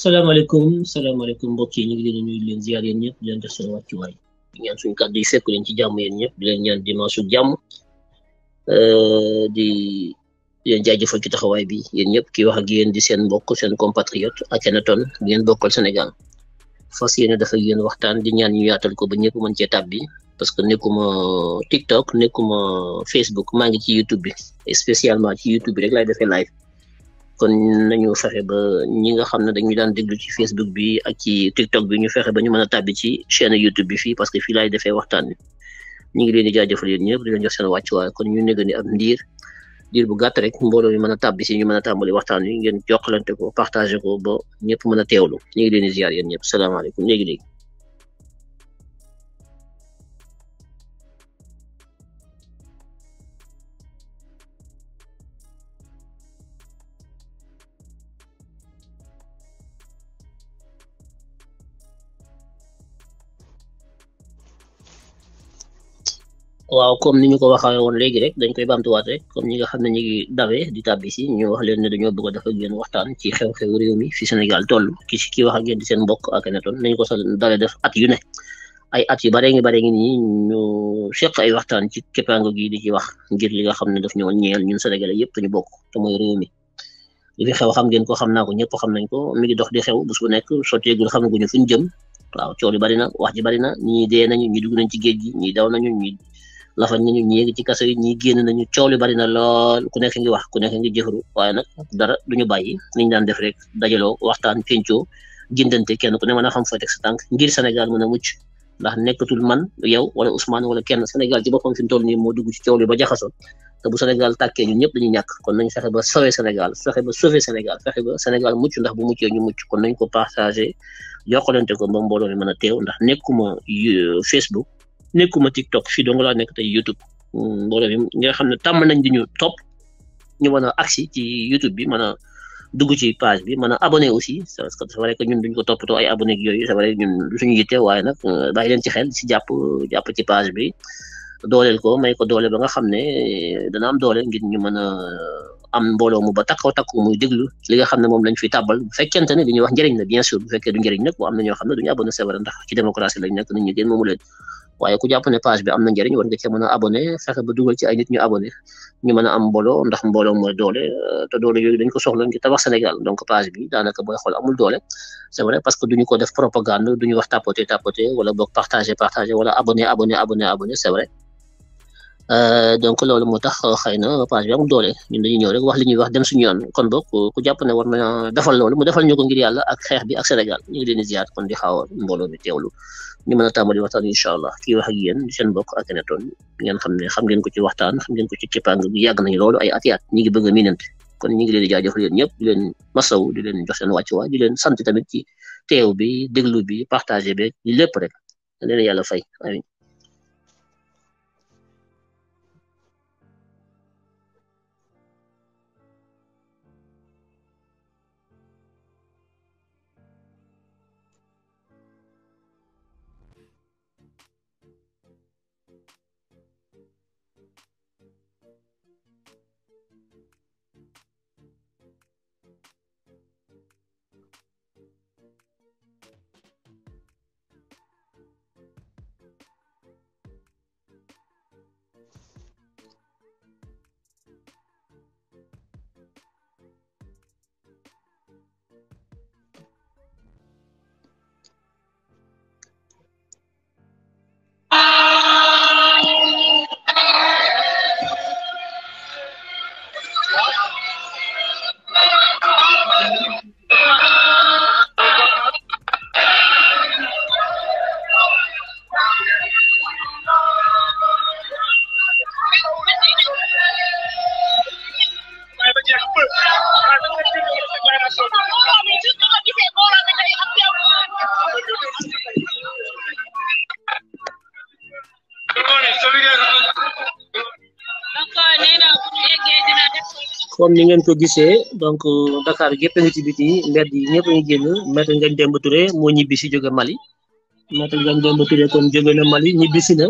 Assalamualaikum, assalamualaikum mbokk yi ñu ngi leen di nuyu leen ziar yéen ñëpp di leen def jam wàccuwaay di ñaan suñu jam yi di yang jaji fo kita di bi yéen ñëpp ki wax ak yéen di seen mbokk seen compatriote Akhenaton bi ngeen bokkal senegal fas yéene dafa yéen waxtaan di ñaan ñu yaatal ko ba ñëpp mën cee tàbbi parce que nekkuma TikTok Facebook maa ngi YouTube bi spécialement ci YouTube bi rek laay defee live kon nañu fexe ba ñi nga xam ne dañu daan déglu ci Facebook bi ak ci TikTok bi ñu fexe ba ñu mën a tàbbi ci chaîne YouTube bi fii parce que fii laay defee waxtaan wi ñu ngi leen di jaajëfal yéen ñëpp di leen jox seen wàccuwaay kon ñu négé ni am ndiir diir bu gàtt rek mbooloo mi mën a tàbbi si ñu mën a tàmbali waxtaan wi ngeen jokkalante ko partagé ko ba ñëpp mën a teewlu ñu ngi leen di ziar yéen ñëpp salaamaaleykum léegi-léegi waaw comme ni ñu ko waxee woon léegi rek dañ koy bamtuwaat rek comme ñi nga xam na ñu ngi dawee di tàbbi si ñu wax leen ne dañoo bëgg a def ak yéen waxtaan ci xew-xew réew mi fi Sénégal toll ki si ki seen mbokk ak Akhenaton nañ ko sax dawee def at ne ay at yu bare ngi bare ngi nii ñu seq ay waxtaan ci képpaango gi di ci wax ngir li nga xam ne daf ñoo ñeel ñun Sénégalais yëpp ñu bokk te mooy réew mi li xew xam ngeen ko xam naa ko ñëpp xam nañ ko mi ngi dox di xew bés bu nekk sotteegul xamaguñu fuñ jëm waaw coow li na wax ji bari na ñii dee nañu ñi dugg nañ ci géej gi ñi daw nañu ñi lafañ nañu ñii ngi ci kaso yi ñii génn nañu coow li bari na lool ku nekk ngi wax ku nekk ngi jëfaru waaye nag dara duñu bàyyi niñ daan def rek dajaloo waxtaan pencoo jëndante kenn ku ne mën a xam fooy teg sa tànk ngir Sénégal mën a mucc ndax nekkatul man yow wala Ousmane wala kenn Sénégal ci boppam fi mu nii moo dugg ci coow li ba jaxasoo te bu Sénégal tàkkee ñun ñëpp dañuy ñàkk kon nañu fexe ba sauver Sénégal fexe ba sauver Sénégal fexe ba Sénégal mucc ndax bu muccee ñu mucc kon nañ ko partagé yokkalante ko ba mbooloo mi mën a teew ndax nekkuma euh, Facebook nekkuma TikTok fii dong laa nekk tey YouTube mm, mbooloo mi nga xam ne tàmm nañ di ñu topp ñu mën a agsi ci YouTube bi mën a dugg ci page bi mën a abonné aussi parce que c'est vrai que ñun duñ ko toppatoo ay abonné ak yooyu c'est vrai du suñu yitte waaye nag euh, bàyyi leen ci xel si jàpp jàpp ci page bi dooleel ko may ko doole ba nga xam ne euh, dana am doole ngir ñu mën a euh, am mbooloo mu ba takkoo takku muy déglu li nga xam ne moom lañ fi tàbbal bu fekkente ne li ñuy wax njëriñ la bien sûr bu waaye ku jàpp ne page bi am na war nga cee mën a abonné fexe ba dugal ci ay nit ñu abonné ñu mën am mbooloo ndax mbooloo mooy doole te doole yooyu dañ ko soxla ngir tabax Sénégal donc page bi daanaka booy xool mul doole c'est parce que duñu ko def propagande duñu wax tapoter tapoter wala boog partager partager wala abonné abonné abonné abonné c'est vrai Euh, donc loolu moo tax euh, xëy na page bi am doole ñun dañuy ñëw rek wax li ñuy wax dem suñu yoon kon boog ku jàpp ne war na defal loolu mu defal ñu ko ngir yàlla ak xeex bi ak Sénégal ñu ngi leen di ziar kon di xaaw mbooloo mi teewlu ñu mën a tàmbali waxtaan incha allah kii wax ak yéen seen ak Akhenaton ngeen xam ne xam ko ci waxtaan xam ngeen ko ci kippaang bi yàgg nañu loolu ay at i at bëgg a miinante kon ñu ngi leen di jaajëfal yéen ñëpp di leen masaw di leen jox tamit ci bi déglu bi partagé yàlla fay comme ni ngeen ko gisee donc Dakar gépp nga ci biti mbedd yi ñëpp ngi génn maître ngañ Demba Touré moo ñibbi si jóge Mali maître ngañ Demba Touré kon jóge na Mali ñibbi si na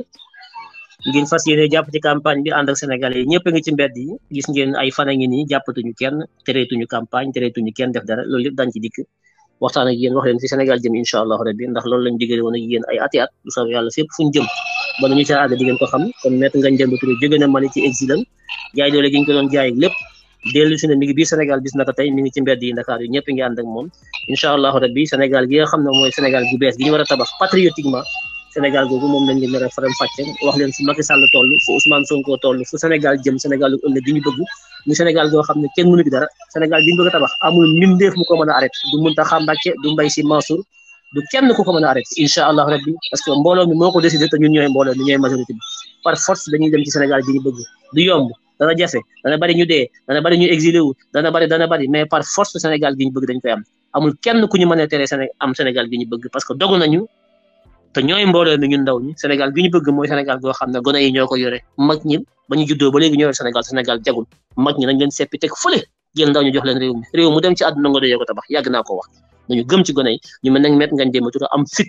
ngir fas yéene jàpp ci campagne bi ànd ak sénégal yi ñëpp nga ci mbedd yi gis ngeen ay fan a ngi nii jàppatuñu kenn tereetuñu campagne tereetuñu kenn def dara loolu yëpp daan ci dikk waxtaan ak yéen wax leen fi Sénégal jëm incha allahu rabbi ndax loolu lañ digale woon ak yéen ay ati at lu soobee yàlla fépp fuñ jëm ba ñu ci àgg di ngeen ko xam kon maître ngañ Demba Touré jóge na Mali ci exilam jaay doole gi ñu ko doon jaay lépp dellu si ne mi ngi biir Sénégal bis naka tey mi ngi ci mbedd yi Ndakaar yi ñëpp ngi ànd ak moom incha allahu rabbi Sénégal gi nga xam ne mooy Sénégal gu bees gi ñu a tabax patriotiquement Sénégal googu moom lañ leen nar a wax leen fu Macky Sall toll fu Ousmane Sonko toll fu Sénégal jëm Sénégal gu ëllëg gi ñu bëgg mu Sénégal goo xam ne kenn mënu ci dara Sénégal bi a tabax amul mu ko mën a arrêté du Mountakha Mbacké du Mbaye Sy Mansour du kenn ku ko mën a arrêté incha allah rabbi parce que mbooloo mi moo ko décidé te ñun ñooy mbooloo mi ñooy majorité bi par force dañuy dem ci Sénégal bi ñu bëgg du yomb dana jafe dana bari ñu dee dana bari ñu exilé wu dana bari dana bari mais par force Sénégal gi ñu bëgg dañ koy am amul kenn ku ñu mën tere am Sénégal gi ñu bëgg parce que dogu nañu te ñooy mbooloo mi ndaw ñi Sénégal gi ñu bëgg mooy Sénégal goo xam ne gone yi ñoo ko yore mag ñi ba ñu juddoo ba léegi ñoo yore Sénégal Sénégal jagul mag ñi nañ leen seppi teg fële jël ndaw ñu jox leen réew mi réew mu dem ci àdduna nga doyee ko tabax yàgg naa ko wax nañu gëm ci gone met ngañ déma am fit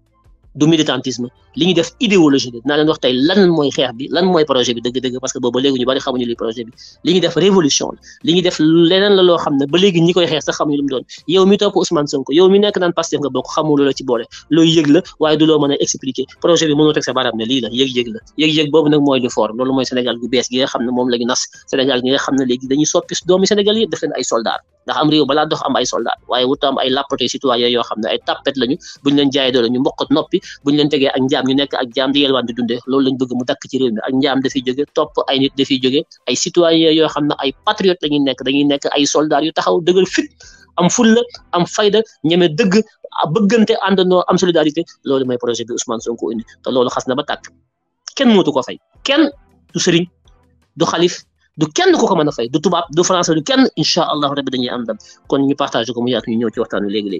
du militantisme li ñuy def idéologie la dinaa leen wax tey lan mooy xeex bi lan mooy projet bi dëgg-dëgg parce que boobu ba léegi ñu bari xamuñu li projet bi li ñuy def révolution la li ñuy def leneen la loo xam ne ba léegi ñi koy xeex sax xamuñu lu mu doon yow mi topp Ousmane Sonko yow mi nekk naan Pastef nga bokk xamul loola ci boole looy yëg la waaye du loo mën a expliquer projet bi mënoo teg sa baram ne lii la yëg-yëg la yëg-yëg boobu nag mooy lu fort loolu mooy Sénégal gu bees gi nga xam ne moom la ñu nas Sénégal gi nga xam ne léegi dañuy soppi doomi Sénégal yi def leen ay soldats ndax am réew balaa dox am ay soldat waaye wut am ay lappate citoyen yoo xam ne ay tappet lañu buñ leen jaayee doole ñu mboqat noppi buñ leen tegee ak njaam ñu nekk ak jaam di yelwaan di dundee loolu lañ bëgg mu dakk ci réew mi ak njaam dafiy jóge topp ay nit dafiy jóge ay citoyen yoo xam ne ay patriote lañuy nekk dañuy nekk ay soldat yu taxaw dëgër fit am fulla am fayda ñeme dëgg bëggante àndandoo am solidarité loolu mooy projet bi Ousmane Sonko indi te loolu xas na ba tàkk kenn mootu ko fay kenn du du kenn ko ko mën a fay du tubaab du français du kenn incha allahu rabbi dañuy am ndam kon ñu partagé ko mu yaatu ñu ñëw ci waxtaan wi léegi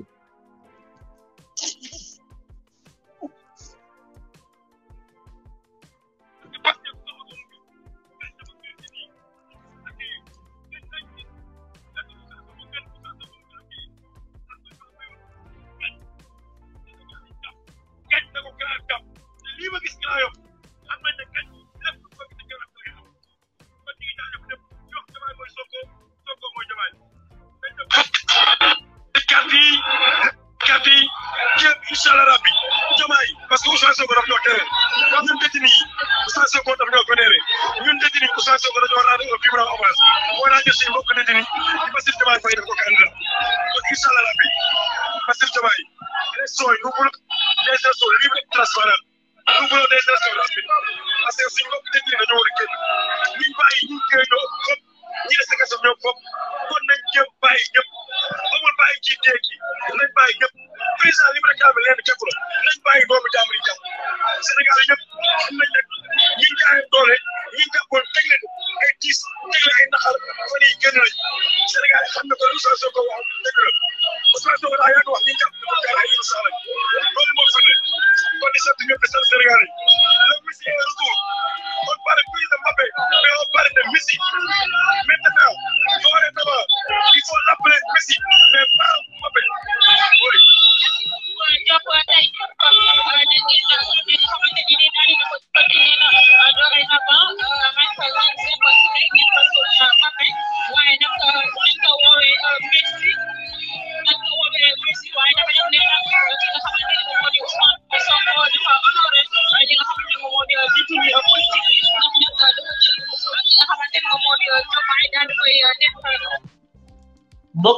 Ousmane Sonko daf ñoo tere wax ñun détenu yi Ousmane Sonko daf ñoo vénéré ñun détenu yi Ousmane Sonko dañoo rendre un vibrant hommage moo laa jël suñu mbokk détenu yi Bassirou Diomaye Faye def ko candidat kon incha allah rabbi Bassirou Diomaye élection yi nous voulons des élections libres et transparentes nous voulons des élections rapides parce que suñu mbokk détenu yi dañoo war a génn liñ bàyyi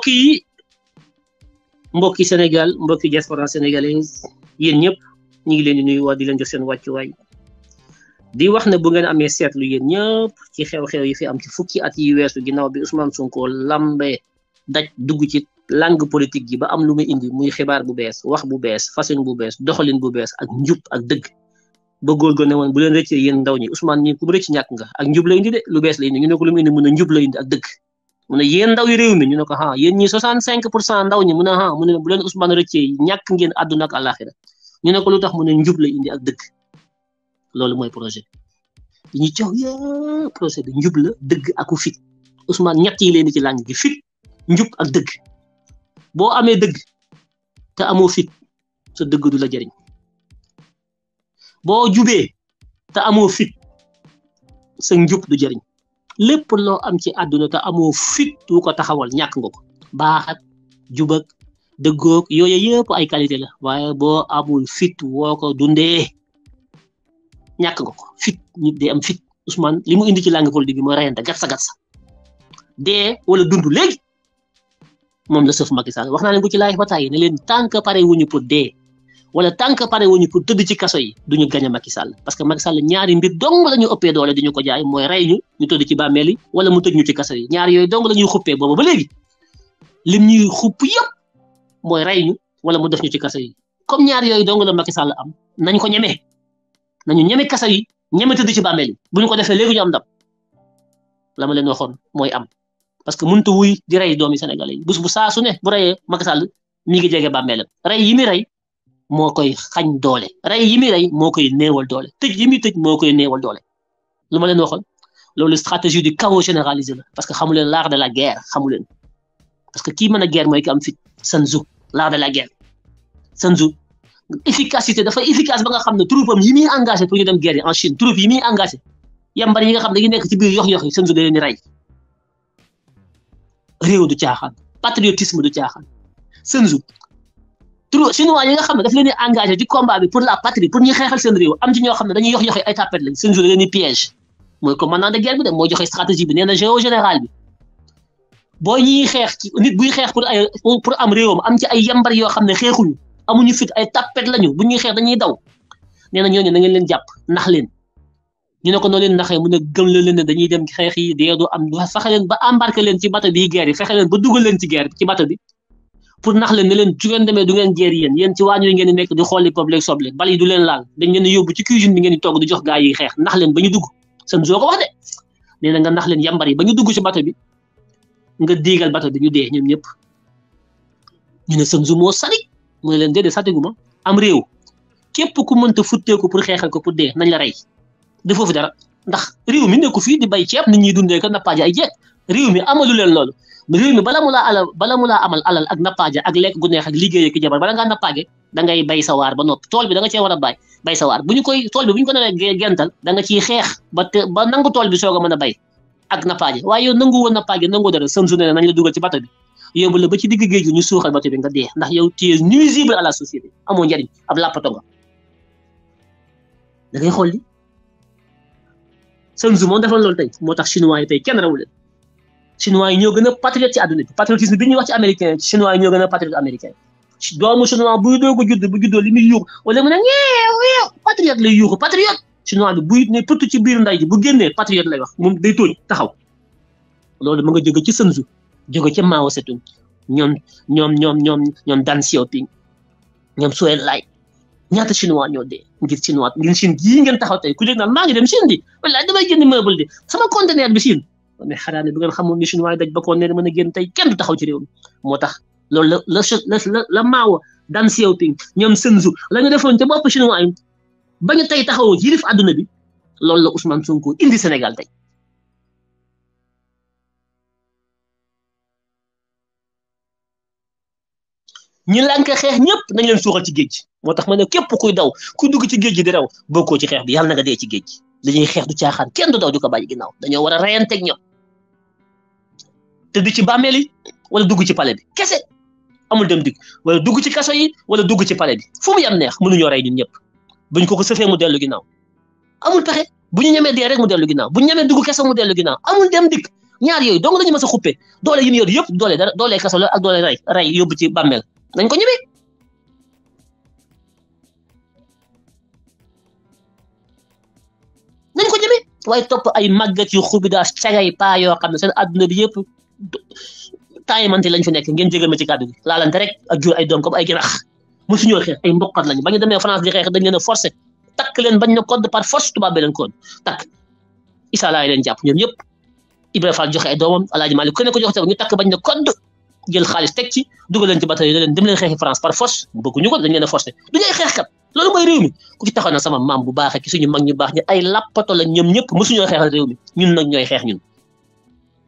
mbokki mbokki senegal mbokki diaspora sénégalaise yeen ñep ñi ngi leen di nuyu wa di leen jox seen way di wax ne bu ngeen amee seetlu yeen ñep ci xew-xew yi fi am ci fukki at yi wessu ginaaw bi Ousmane Sonko lambe daj dugg ci langue politique gi ba am lu muy indi muy xibaar bu bees wax bu bees fasin bu bees doxalin bu bees ak njub ak dëgg ba gor go ne bu leen yeen ndaw ñi Ousmane ni ku ñak nga ak njub la indi de lu bees la indi ñu ne ko lu muy indi njub la indi ak dëgg muna yen daw ndaw yi réew mi ñu ne ko ah ñi 65 daw ñi muna ha muna bu len usman rëccee ñak ngeen aduna ak àllaaxira ñu ne ko lu tax mu njub la indi ak dëgg loolu moy projet ñi ciow ye ya, projet bi njub la dëgg aku fit usman ñett yi leen ci gi fit njub ak dëgg bo amé dëgg te amo fit sa dëgg du la jëriñ bo jubé te amo fit sa njub du jëriñ lépp loo am ci àdduna te amoo fit wu ko taxawal ñàkk nga ko baax ak jub ak dëggoog yooyu yëpp ay qualité la waaye boo amul fit woo ko dundee ñàkk nga ko fit nit day am fit Ousmane li mu indi ci langue politique bi mooy reyante gatsa gatsa dee wala dund léegi moom la sëf Macky Sall wax naa leen ko ci laaj ba tàyyi ne leen tant que pare wuñu pour dee wala tant que pare wuñu pour tëdd ci kaso yi ñu gañ a Macky Sall parce que Macky Sall ñaari mbir dong la ñu ëppee doole di ñu ko jaay mooy rey ñu ñu tëdd ci bàmmeel yi wala mu tëj ñu ci kaso yi ñaari yooyu dong la ñuy xuppee boobu ñuy xupp mooy rey ñu wala mu def ñu ci kaso yi comme ñaari yooyu dong la Macky Sall am nañ ko ñemee nañu ñeme kaso yi ñeme tëdd ci bàmmeel yi bu ñu ko defee léegi ñu am ndam la ma leen waxoon mooy am parce que muntu a wuy di rey doomi Sénégalais yi bés bu saa su ne bu reyee Macky Sall mi ngi jege bàmmeelam rey yi mi rey moo koy xañ doole rey yi muy rey moo koy néewal doole tëj yi muy tëj moo koy néewal doole lu ma leen waxoon loolu stratégie du chaos généralisé parce que xamu leen l'art de la guerre xamu leen parce que ki mën a guerre mooy ki am fit Sun Tzu l'art de la guerre Sun efficacité dafa efficace ba nga xam ne troupam yi muy engagé pour ñu dem guerre yi en Chine troupe yi muy engagé yambar yi nga xam ne nekk ci biir yox-yox yi Sun Tzu da leen di rey réew du caaxaan patriotisme du caaxaan Sun trop chinois yi nga xam ne daf leen di engagé ci combat bi pour la patrie pour ñu xeexal seen réew am ci ñoo xam ne dañuy yox yoxe ay tapet boo ñuy xeex ci nit buy xeex pour ay pour am réewam am ci ay yambar yoo xam ne xeexuñu amuñu fit ay tapet lañu bu ñuy xeex dañuy daw nee na ñooñu na ngeen leen jàpp nax leen ñu ne ko noo leen nax mu ne gëm leen ne dañuy dem xeex yi dee du am fexe leen ba embarqué leen ci bato bi guerre yi fexe leen ba dugal leen ci guerre ci bato bi pour nax leen leen su ngeen demee du ngeen jeer yéen yéen ci waañooy ngeen di nekk di xool li soble bal yi du leen laal dañ ngeen yóbbu ci cuisine bi ngeen di togg di jox gaa yi xeex nax leen ba ñu dugg seen soo ko wax nee na nga nax leen yambar yi ba ñu dugg ci nga diigal bato bi dee ñoom ñëpp ñu ne seen moo sari mu ne leen déedéet satiguma am réew képp ku mënta futteeku pour xeexal ko pour dee nañ la rey de foofu dara ndax réew mi nekku fii di bay ceeb ni ñuy dundee ko nappaaji ay jeeg réew mi amalu leen lool réew mi bala mu laa alal bala mu laa amal alal ak nappaaje ak lekk gu neex ak liggéey ak jabar bala ngaa nappaage dangay bay sawaar waar ba noppi tool bi da nga cee war a bay bay sa waar bu ñu koy tool bi bu ñu ko naree gental da nga xeex ba te tool bi soog a mën a bay ak nappaaje waaye yow nangu woon nappaaje nangu dara seen journée nañ la dugal ci bato bi ba ci digg géej gi ñu suuxal bato bi nga dee ndax yow tu nuisible à la société amoo njariñ ab làppato nga da ngay xool li seen moom defal loolu tey moo tax chinois yi tey kenn rew leen chinois yi ñoo gën a patriote ci àdduna bi patriotisme bi ñuy wax ci américain chinois yi ñoo gën a patriote américain doomu chinois buy doog a judd bu juddoo li muy yuuxu wala mu ne ñeew patriote lay yuuxu patriote chinois bi buy ne pëtt ci biir nday ji bu génnee patriote lay wax moom day tooñ taxaw loolu mu nga jóge ci Sun Tzu jóge ci Mao Tse-tung ñoom ñoom ñoom ñoom ñoom Deng Xiaoping ñoom Zhou Enlai ñaata chinois ñoo dee ngir chinois ngir Chine gii ngeen taxaw tey ku nekk naan maa ngi dem Chine sama conteneur bi mais xanaa ne bu ngeen xamoon ni chinois yi daj bakkoon ne mën a génn tey kenn du taxaw ci réew moo tax loolu la la la la Mao Deng Xiaoping ñoom Sun Tzu la ñu defoon ca bopp chinois yi bañ a tey taxawoon yilif àdduna bi loolu la Ousmane Sonko indi Sénégal tey. ñi lànk xeex ñëpp nañ leen suuxal ci géej gi moo tax ma ne képp kuy daw ku dugg ci géej gi di raw bokkoo ci xeex bi yàlla na nga dee ci géej gi li ñuy xeex du caaxaan kenn du daw di ko gi ginnaaw dañoo war a teg ñoom. tëdd ci bàmmeel yi wala dugg ci palais bi kese amul dem dikk wala dugg ci kaso yi wala dugg ci palais bi fu mu yem neex mënuñoo rey ñun ñëpp buñ ko ko sëfee mu dellu ginnaaw amul pexe bu ñu ñemee dee rek mu dellu ginnaaw bu ñu ñemee dugg kaso mu dellu ginnaaw amul dem dikk ñaar yooyu dong la ñu a xuppe doole yi ñu yor yëpp doole dara doole kaso ak doole rey rey yóbbu ci bàmmeel nañ ko ñemee. nañ ko ñemee waaye topp ay màggat yu xubidaas cagay paa yoo xam ne seen adduna bi yëpp. tay man ci lañ fi nek ngeen jégal ma ci kaddu gi laalante rek ak jur ah, ay doom ay girax mu suñu xex ay mbokkat lañ bañu démé France di xex dañ leen a forcé takk leen bañ na code par force tuba be leen code tak isa la leen japp ñoom ñep Ibrahima Fall joxe ay domam Alaaji Malik ko ne ko joxe ñu tak bañ na code jël xaliss tek ci duggal leen ci bateau leen dem leen xexi France par force ñu ko dañ leen a du ñay xex kat lolu moy réew mi ku ci taxaw sama mam bu baax ak suñu mag ñu baax ñi ay lapato la ñoom mu suñu xexal réew mi ñun nak ñoy xex ñun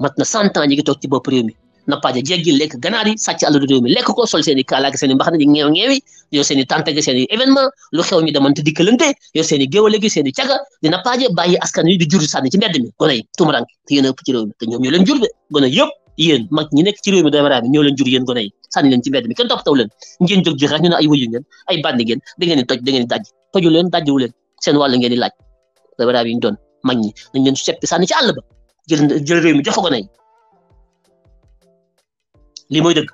mat na cent ans ñu ngi toog ci bopp réew mi nappaaje jéggi lekk ganaar yi sàcc lekk ko sol seen i kaalaak mbaxana di ñeew ñeewi yor seen i tànte événement lu xew ñu demante dikkalante yor seen i géwale caga di nappaaje bàyyi askan jur sànni ci mbedd mi gone yi tuumarank te yéen a ëpp jur de gone yëpp yéen mag ñi nekk ci réew mi jur yéen gone yi sànni leen ci mbedd mi kenn topp taw ay wëyu ngeen jël jël réew mi jox ko gone yi lii mooy dëgg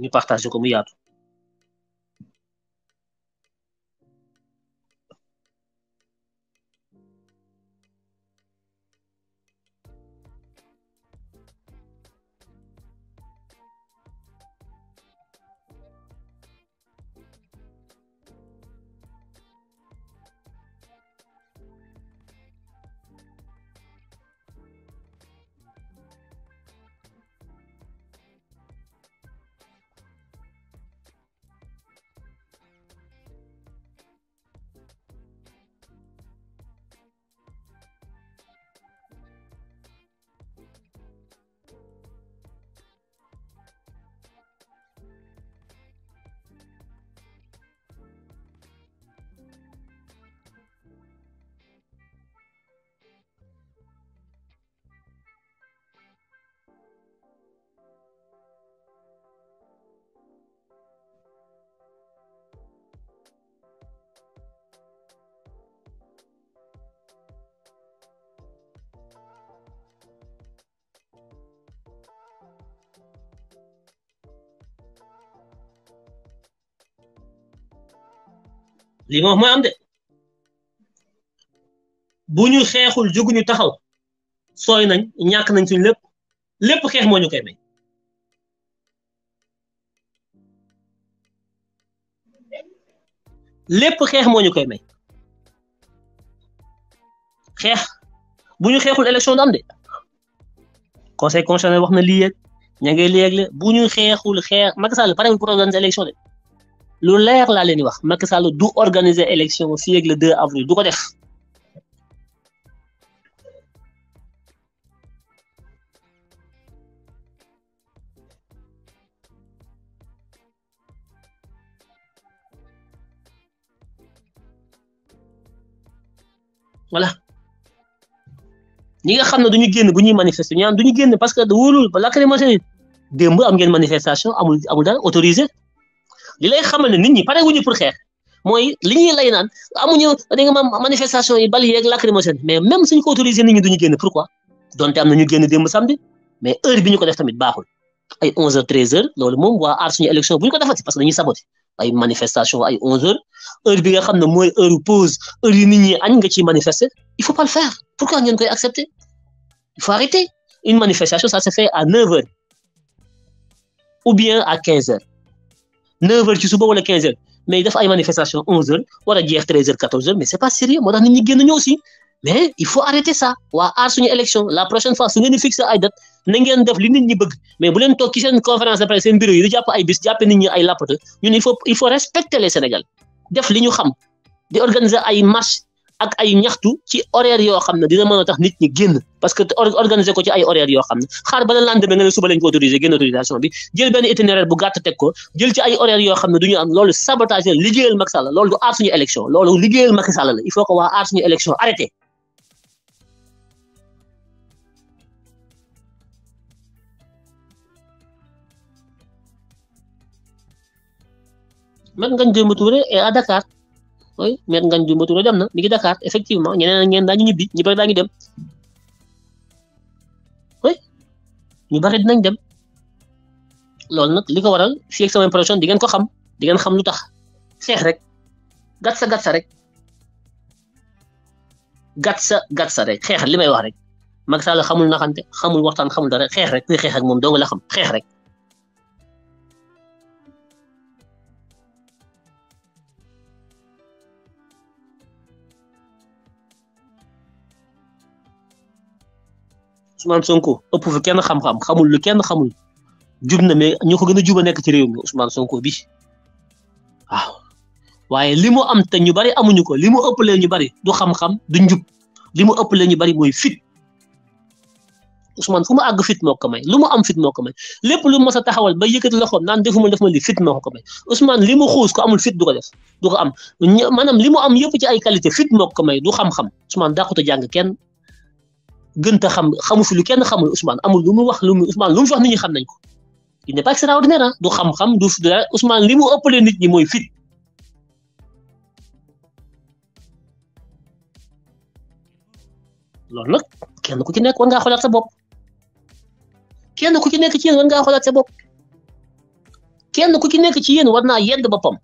ñu partagé ko mu yaatu lii ma wax mooy am de bu ñu xeexul jóguñu taxaw sooy nañ ñàkk nañ suñ lépp lépp xeex moo ñu koy may lépp xeex moo koy may bu ñu xeexul élection du am de conseil constitutionnel wax na lii yeeg ña ngay léeg bu ñu xeexul xeex Macky Sall pare pour organiser élection de lu leer laa leen di wax Macky Sall du organiser élection fii ak le 2 avril du ko def voilà ñi nga xam ne du génn bu ñuy manifester ñaan duñu ñu génn parce que wóorul ba lacrymogène démb am ngeen manifestation amul amul dara autorisé li lay xamal ne nit ñi paré wuñu pour xex moy li ñuy lay naan amuñu da nga manifestation yi bal ak lacrymogène mais même suñ ko autoriser nit ñi duñu génn pourquoi donte am na ñu génn démb samedi mais heure bi ñu ko def tamit baaxul ay 11h 13h loolu moom waa ar suñu élection buñ ñu ko defati parce que dañuy saboté ay manifestation ay 11h heure bi nga xamne moy heure pause heure yi nit ñi añ nga ci manifester il faut pas le faire pourquoi ngeen koy accepter il faut arrêter une manifestation ça se fait à 9h ou bien à 15h. 9 heures ci suba wala 15 h mais a ay manifestation 11 h wala jeex 13 h 14 h mais c'est pas sérieux motax nit ñi mais il faut arrêter ça wa ar suñu élection la prochaine fois su ngeen fixe ay date na ngeen def li nit ñi bëgg mais bu leen tok ci seen conférence de presse seen bureau yi di japp ay bis japp nit ñi ay lappata ñun il faut il faut respecter les sénégal def li ñu xam di organiser ay marche ak ay ñaxtu ci horaire yoo xam ne dina mën a tax nit ñi génn parce que organiser ko ci ay horaire yoo xam ne xaar ba la lendemain nga ne suba lañ ko autorisé génn autorisation bi jël benn itinéraire bu gàtt teg ko jël ci ay horaire yoo xam ne du ñu am loolu sabotage la liggéeyal Macky Sall loolu du aar loolu liggéeyal Macky Sall la il faut que waa aar suñu élection arrêté Ngagne Demba mooy Me Ngagne Demba Touré dem na mi ngi Dakar effectivement ñeneen ak ñeneen daañu ñibbi ñu bëri daañu dem oui dinañ dem loolu nag li ko waral fii ak sama impression ngeen ko xam di xam lu tax xeex rek gàtt sa rek gàtt sa gàtt sa rek xeex li may wax rek Macky Sall xamul naxante xamul waxtaan xamul dara xeex rek kuy xeex ak moom dong la xam xeex rek. Ousmane Sonko ëpp fi kenn xam-xam xamul lu kenn xamul jub na mais ñu ko gën a juba nekk ci réew mi Ousmane Sonko bi waaw waaye li mu am te ñu bari amuñu ko li mu ëppalee ñu bari du xam-xam du njub li mu ëppalee ñu bari mooy fit Ousmane fu mu fit moo ko may lu mu am fit moo ko may lépp lu mos a taxawal ba yëkkati loxoom naan defuma def ma li fit moo ko may Ousmane li mu xuus ko amul fit du ko def du am maanaam li mu am yëpp ci ay qualité fit moo ko du xam-xam Ousmane dàqut a jàng kenn. gën a xam xamu fi lu kenn xamul Ousmane amul lu mu wax lu mu Ousmane lu mu fi wax nit ñi xam nañ ko il n'est pas extraordinaire ah du xam-xam du Ousmane li mu ëppalee nit ñi mooy fit. loolu nag kenn ku ci nekk war ngaa xoolaat sa bopp kenn ku ci nekk ci yéen war ngaa xoolaat sa bopp kenn ku ci nekk ci yéen war naa yedd boppam.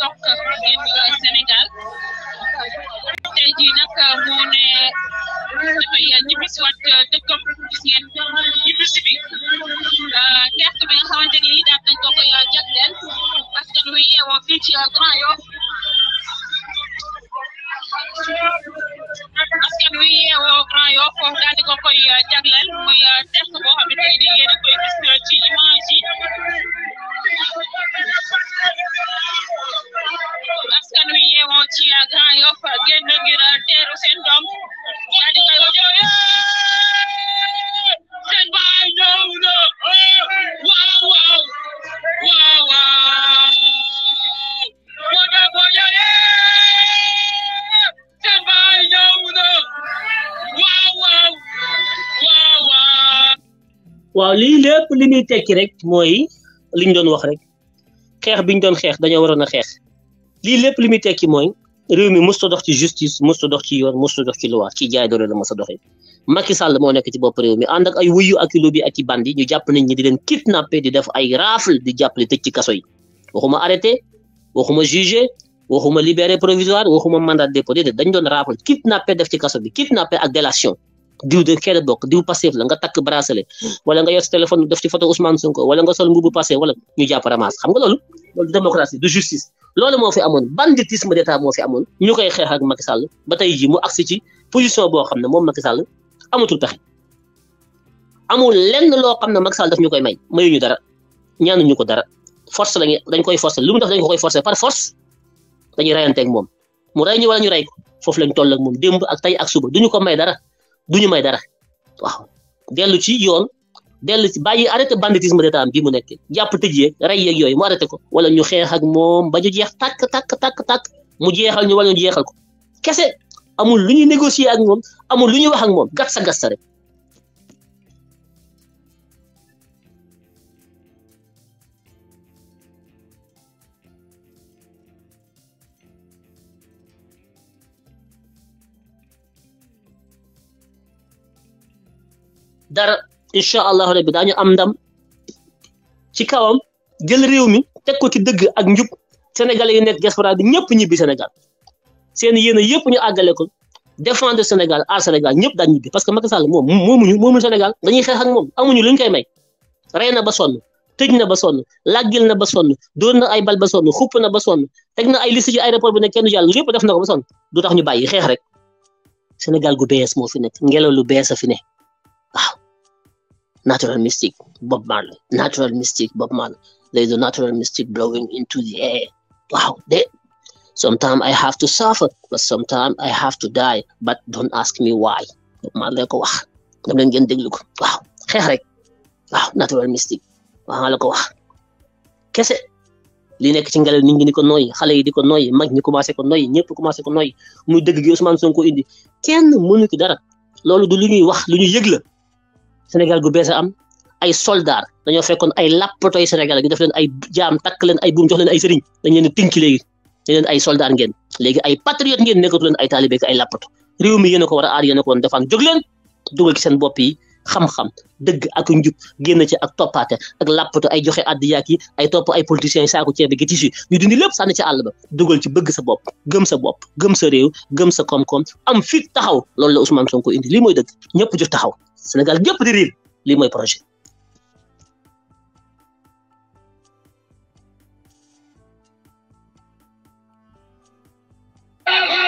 toog ngeen jóge Sénégal tey jii nag moo ne dafay ñibbisi wat dëkkam gis ngeen ñibbisi bi gerte bi nga xamante ni daal dañ ko koy jagleel parce que lu yeewoo fii ci Grand Yoff askan wi yeewoo Grand daal di ko koy jagleel muy test boo xamante ni yéen koy gis ci image yi Yoff génn ngir teeru seen doom daal di koy wajooy seen baay ñëw na lii lépp li muy tekki rek mooy liñ doon wax rek xeex biñ doon xeex dañoo waroon a xeex lii lépp li muy tekki mooy réew mi mosut dox ci justice mosut dox ci yoon mosut dox ci loi ci jaay doole la mos a doxee Macky Sall moo nekk ci bopp réew mi ànd ak ay wuyu ak lobby ak i bandi ñu jàpp nañ ñi di leen kidnappé di def ay rafle di jàppale tëj ci kaso yi waxuma arrêté waxuma jugé waxuma libéré provisoire waxuma mandat de dépôt dañ doon rafle kidnappé def ci kaso bi kidnappé ak délation. diw de xeet bokk diw passif la nga takk bracelet wala nga yor téléphone def ci photo Ousmane Sonko wala nga sol mbubu passé wala ñu jàpp ramasse xam nga loolu loolu démocratie de justice loole moo fi amoon banditisme d'état moo fi amoon ñu koy xeex ak Macky Sall ba tey jii mu agsi ci position boo xam ne moom Macky Sall amatul pexe amun lenn loo xam ne Macky Sall daf ñu koy may mayuñu dara ñaan ñaanuñu ko dara force lañu dañ koy forcer lu mu def dañ koy forcer par force dañuy reyanteeg moom mu rey ñu wala ñu rey ko foofu lañ toll ak moom démb ak tey ak suba duñu ko may dara du ñu may dara waaw dellu ci yoon dellu si bàyyi arrêté banditisme d'état am bii mu nekkee jàpp tëj rek yeg yeeg yooyu mu arrêté ko wala ñu xeex ak moom ba ñu jeex tàkk tàkk tak tàkk mu jeexal ñu wala ñu jeexal ko kese amul lu ñuy négocier ak moom amul lu ñuy wax ak moom gat sa rek incha allahu rabbi daañu am ndam ci kawam jël réew mi teg ko ci dëgg ak njub sénégalais yi nekk diaspora bi ñëpp ñibbi Sénégal seen yéene yëpp ñu àggale ko défendre Sénégal à senegal ñëpp dañ ñibbi parce que Macky Sall moom moomuñu moomuñu senegal dañuy xeex ak moom amuñu lu ñu koy may rey na ba sonn tëj na ba sonn làggil na ba sonn dóor na ay bal ba sonn xupp na ba sonn teg na ay liste ci bi ne kenn jàll yëpp def na ko ba sonn du tax ñu bàyyi xeex rek Sénégal gu bees moo fi nekk ngelaw lu bees a fi ne natural mystic Bob Marley natural mystic Bob Marley there is a natural mystic blowing into the air wow they sometimes I have to suffer but sometimes I have to die but don't ask me why Bob Marley ko wax dam leen ngeen déglu ko waaw xeex rek waaw natural mystic waaw la ko wax kese li nekk ci ngelaw nit ñi di ko noyyi xale yi di ko noyyi mag ñi commencé ko noyyi ñëpp commencé ko noyyi muy dëgg gi Ousmane Sonko indi kenn mënu ci dara loolu du lu ñuy wax lu ñu yëg la Sénégal gu bees a am ay soldaar dañoo fekkoon ay làppatoy Sénégal gi def leen ay jaam takk leen ay buum jox leen ay sëriñ dañ leen tinki léegi ne leen ay soldaar ngeen léegi ay patriote ngeen nekkatu leen ay taalibe ay làppato réew mi yéen a ko war a aar yéen a ko war defaan jóg leen dugal ci seen bopp yi xam-xam dëgg ak njub génn ci ak toppaate ak làppato ay joxe àddi yaak ay topp ay politiciens yi saako ceeb gi tissu ñu dindi lépp sànni ci àll ba dugal ci bëgg sa bopp gëm sa bopp gëm sa réew gëm sa koom am fit taxaw loolu la Ousmane Sonko indi lii mooy ñëpp ju taxaw Sénégal gépp di riir lii mooy projet bi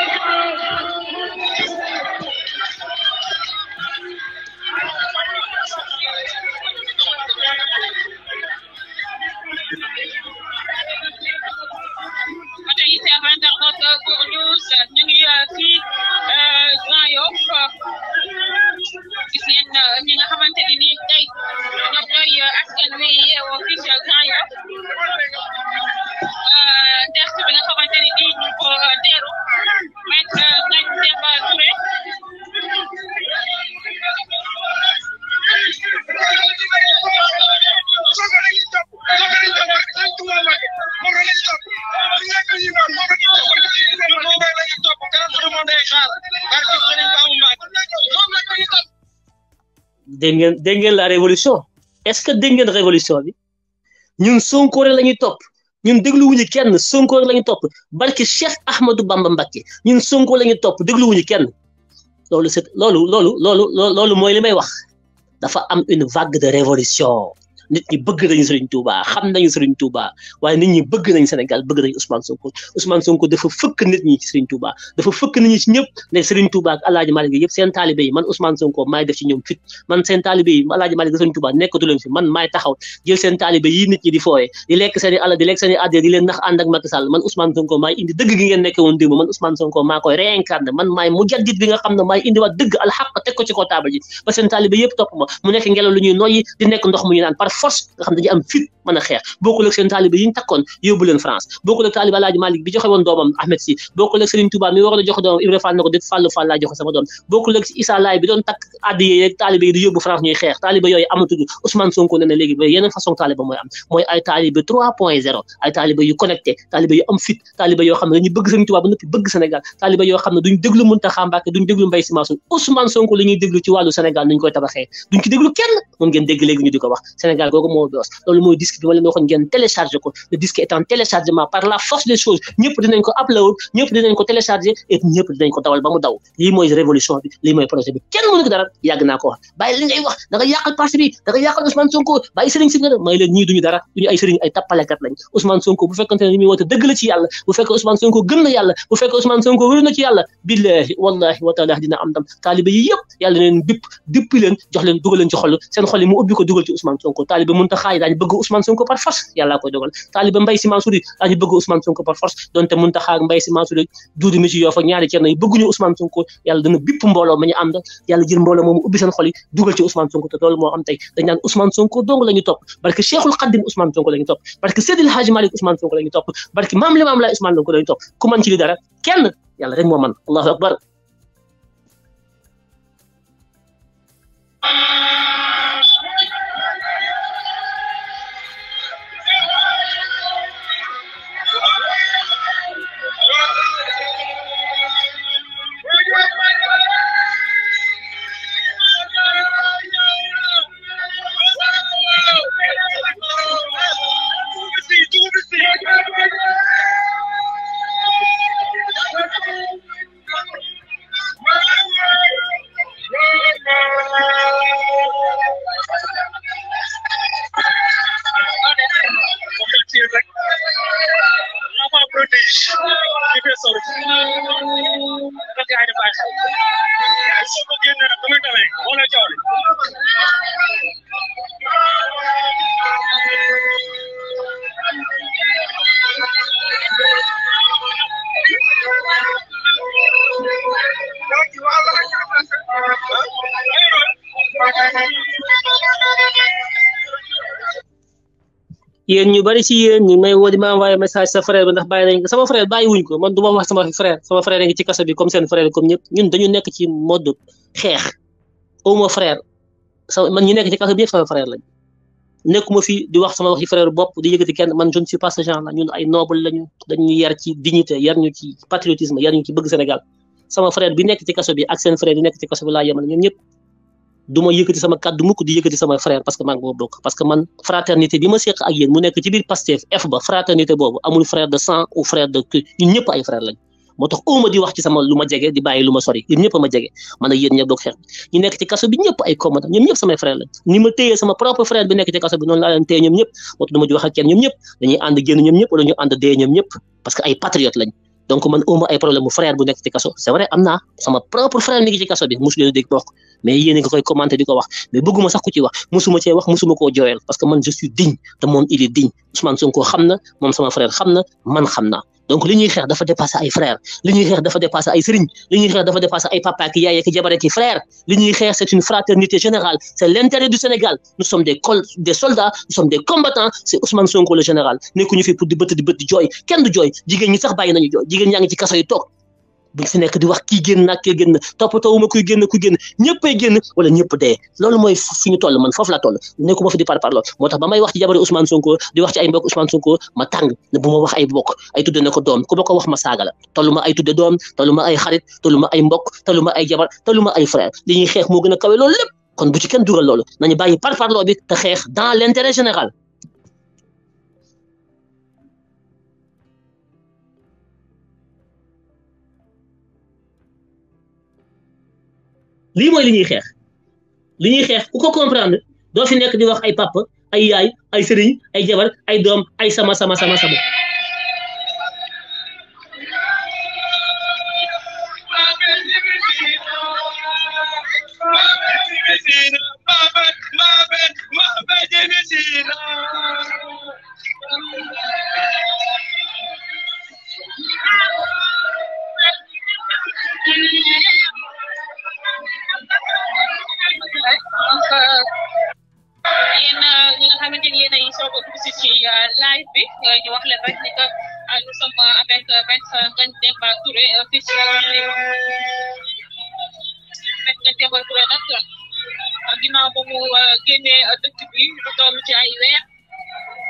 la révolution est-ce que dégg une révolution Nous ñun Sonko rek top Nous sommes ñun dégluwuñu kenn Sonko rek la barki Cheikh Ahmadou Bamba Mbacké ñun Sonko lañu top dégluwuñu kenn c'est wax une vague de révolution nit ñi bëgg nañu Serigne Touba xam nañu Serigne Touba waaye nit ñi bëgg nañ Sénégal bëgg nañ Ousmane Sonko Ousmane Sonko maay indi dëgg gi ngeen nekke man Ousmane Sonko maa koy réincarné man maay mujaddid bi nga xam ne maay indi waat dëgg alxaq teg ko ci ko taabal ji ba seen taalibe yëpp topp ma mu nekk ngelaw lu ñuy noyyi di nekk ndox mu ñu naan force nga xam dañu am fit mën a xeex bokkul ak seen taaliba yi ñu takkoon yóbbu leen France bokkul ak taaliba Alaaji malik bi joxe woon doomam Ahmed Si bokkul ak Serigne Touba mi waroon a joxe doomam Ibra Fall nako det déet Fallu Fall laa joxe sama doom bokkul ak isa lay bi doon takk àdd yi rek taaliba yi di yóbbu France ñuy xeex taaliba yooyu amatul Ousmane Sonko ne na léegi ba yeneen façon taaliba mooy am mooy ay taaliba 3 point 0 ay taaliba yu connecté taaliba yu am fit taaliba yoo xam ne dañu bëgg Serigne Touba ba noppi bëgg Sénégal taaliba yoo xam ne duñ déglu Muntaxa Mbàkke duñ déglu Mbay Si Mansour Ousmane Sonko li ñuy déglu ci wàllu Sénégal nuñ koy tabaxee duñ ci déglu kenn mën ngeen dégg léegi ñu di ko wax Sénégal Sénégal googu moo bees loolu mooy disque ma leen waxoon ngeen téléchargé ko le disque est en téléchargement par la force des choses ñëpp dinañ ko upload ñëpp dinañ ko téléchargé ko dawal ba mu daw lii mooy révolution bi mooy projet bi kenn dara yàgg ko wax bàyyi li wax da nga yàqal parti bi da nga Sonko bàyyi sëriñ si nga may duñu dara duñu ay sëriñ ay tappalekat lañ Ousmane Sonko bu fekkante dëgg ci yàlla bu fekkee Ousmane Sonko gëm na yàlla bu fekkee taalibe Muntaxa yi daañu bëgg Ousmane Sonko par force yàllaa koy dogal taalibe Mbaye Sy Mansour yi daañu bëgg Ousmane Sonko par force donte Muntaxa ak Mbaye Sy Mansour yi duudi mi ci yoo fa ñaari cerno yi bëgguñu Ousmane Sonko yàlla dana bipp mbooloo ma ñu ànd yàlla jël mbooloo moomu ubbi seen dugal ci Ousmane Sonko te loolu moo am tey dañ naan Ousmane Sonko dong la topp barke Cheikhul Khadim Ousmane Sonko la Sonko la topp barke Maam la ñu topp ku man ci sort of, you know, yéen ñu bari ci yéen ñi may woo di ma envoyé message sa frère bi ndax bàyyi sama frère bàyyi wuñ ko man du ma wax sama frère bi nekk ci mode xeex au ma frère sa man ñu ci kaso bi ñu ci patriotisme yar ñu ci bëgg Sénégal ci kaso bi ak seen frère bi nekk ci kaso bi laa yemal ñoom ñëpp duma ma yëkkati sama kàddu mukk di yëkkati sama frère parce que maa ngi ko bokk parce man fraternité bi ma seq ak yéen mu nekk ci biir Pastef F ba fraternité boobu amul frère de sang ou frère de kii ñun ñëpp ay frère lañ moo tax óoma di wax ci sama lu ma jege di bàyyi lu ma sori yéen a ma jege man ak yéen ñëpp doog xeex ñu nekk ci kaso bi ñëpp ay commande ñoom ñëpp samay frère lañ ni ma téyee sama propre frère bi nekk ci kaso bi noonu laa leen téye ñoom moo tax du ma di que ay patriote donc man uma ay problème mu frère bu nekk ci kaso c'est vrai am naa sama propre frère mi ngi ci kaso bi mosu leen dégg ko mais yéen a ngi koy commenté di ko wax mais bëgguma sax ku ci wax mosuma cee wax mosuma koo jooyal parce que man je suis digne te moom il est digne Ousmane Sonko na moom sama frère xam na man xam donc li ñuy xeex dafa dépasser ay frères li ñuy xeex dafa dépasser ay sëriñ li ñuy xeex dafa dépasser ay papa ki yaay ak jabar ki frère li ñuy xeex c'est une fraternité générale c'est l'intérêt du Sénégal nous sommes des col des soldats nous sommes des combattants c'est Ousmane Sonko le général nekkuñu fi pour di bëtt di bëtt joy de kenn du joy jigéen ñi sax bàyyi nañu jooy jigéen ñaa ci kasso yi tok buñ fi nekk di wax kii génn nag kii génn toppatoo wu ma kuy génn kuy génn ñëppay génn wala ñëpp dee loolu mooy fi ñu toll man foofu la toll nekkuma fi di par parloo moo tax ba may wax ci jabari Ousmane Sonko di wax ci ay mbokk Ousmane Sonko ma tàng ne bu wax ay mbokk ay tudde ne ko doom ku ma ko wax ma saaga la ay tudde doom tollu ma ay xarit tollu ma ay mbokk tollu ma ay jabar tollu ma ay frère li ñuy xeex moo gën a kawe lool lépp kon bu ci kenn dugal loolu nañu bàyyi par parloo bi te lii mooy li ñuy xeex li ñuy xeex ku ko comprendre doo fi nekk di wax ay papa ay yaay ay sëriñ ay jabar ay doom ay sama sama sama sama Thank you. rek donc yéen ñi nga xamante ni yéen ay soog a dugg ci euh, live bi euh, wax leen rek ni que euh, nous sommes avec maître Ngagne Demba Touré fii ci maître Ngagne Demba Touré nag ginnaaw ba mu génnee dëkk bi lu toll ci ay weer.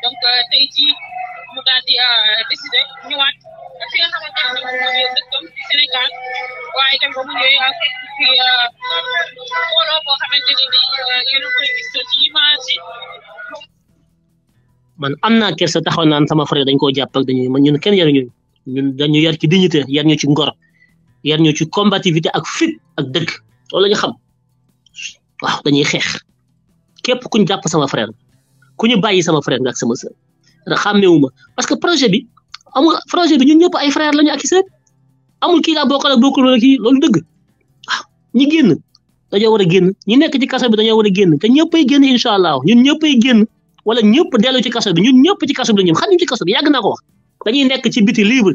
donc tay ci mu daal di décider eh, ñëwaat fi nga xamante ne mooy dëkkum di Sénégal waaye dem ba mu ñëwee ak ci mbooloo boo xamanteni ni yéen a koy gis ci image man am naa sa taxaw naan sama frère dañ koo jàpp ak dañuy man ñun kenn yaruñu ñun dañu yar ci dignité yar ñu ci ngor yar ñu ci combativité ak fit ak dëgg loolu la ñu xam waaw dañuy xeex képp kuñ jàpp sama frère ku ñu bàyyi sama frère nga ak sama sœur da xàmmewu ma parce que projet bi amul projet bi ñun ñëpp ay frère lañu ak sœur amul kii laa bokkal ak bokkul wala kii loolu dëgg waaw ñi génn dañoo war a génn ñi nekk ci kaso bi dañoo war a génn te ñëppay génn incha allah ñun ñëppay génn wala ñëpp dellu ci kaso bi ñun ñëpp ci kaso bi la xam ñu ci kaso bi yàgg naa ko wax dañuy nekk ci biti libre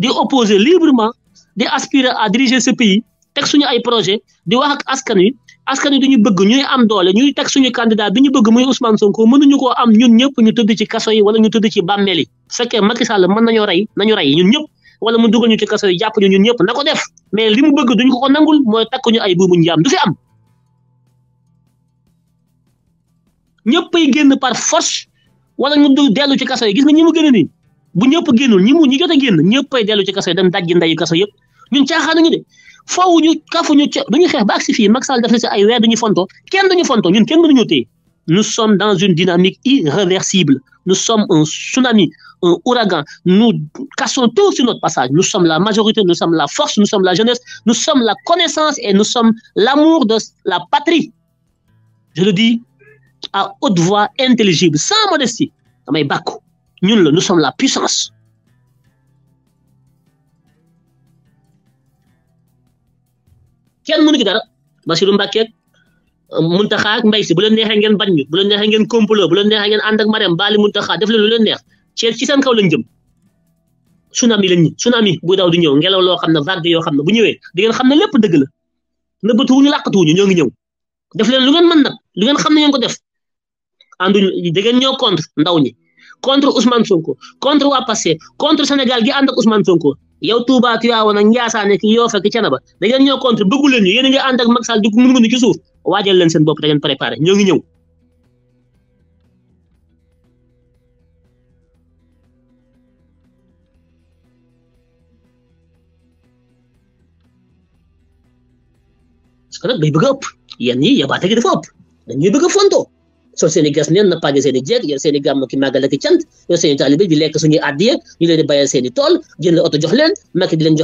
di opposer librement di aspirer à diriger ce pays teg suñu ay projet di wax ak askan wi askan wi duñu bëgg ñu am doole ñu teg suñu candidat bi ñu bëgg muy Ousmane Sonko mënuñu koo am ñun ñëpp ñu tëdd ci kaso yi wala ñu tëdd ci bàmmeel yi su fekkee Macky Sall mën nañoo rey nañu rey ñun ñëpp wala mu dugal ñu ci kaso yi jàpp ñu ñun ñëpp na ko def mais li mu bëgg duñ ko ko nangul mooy takku ñu ay buumu njaam du fi am ñëppay génn par force wala ñu du dellu ci kaso yi gis nga ñi mu gën bu ñëpp génnul ñi mu ñi jot a génn ñëppay dellu ci kaso yi dem dajji ndayu kaso yëpp ñun nous sommes dans une dynamique irréversible nous sommes un tsunami un ouragan nous cassons tout sur notre passage nous sommes la majorité nous sommes la force nous sommes la jeunesse nous sommes la connaissance et nous sommes l'amour de la patrie je le dis à haute voix intelligible sans modestie nous sommes la puissance kenn mënu ci dara Bassirou Mbacké Muntaxa ak Mbay si bu leen neexee ngeen bañ ñu bu leen neexee ngeen complo bu leen neexee ngeen ànd ak Mariam Baali Muntaxa def leen lu leen neex ci ci seen kaw lañ jëm tsunami lañ tsunami bu daw di ñëw ngelaw loo xam ne vague yoo xam ne bu ñëwee di ngeen xam ne lépp dëgg la nëbbatuwuñu ñu ñoo ngi ñëw def leen lu ngeen mën nag lu ngeen xam ne ko def da ngeen ñoo contre ndaw ñi contre Ousmane Sonko contre wa passé contre Sénégal gi ànd ak Ousmane Sonko yow Touba Tiwaawa nag Ndiassane ki yoo fekk ba da ngeen ñëw contre bëggu leen ñu yéen a ngi ak Macky Sall di ko mën ci suuf waajal leen seen bop da ngeen préparer ñoo ngi ñew parce que nag bëgg a ëpp ya ba tagi gi dafa dañuy bëgg fonto sol seen i gas neen na pàgge seen i jeeg yor seen i gàmm ki màggal ak i cant yor seen i taalibe lekk suñuy àddiya ñu leen di bayal seen i tool jënd la oto jox leen Macky di leen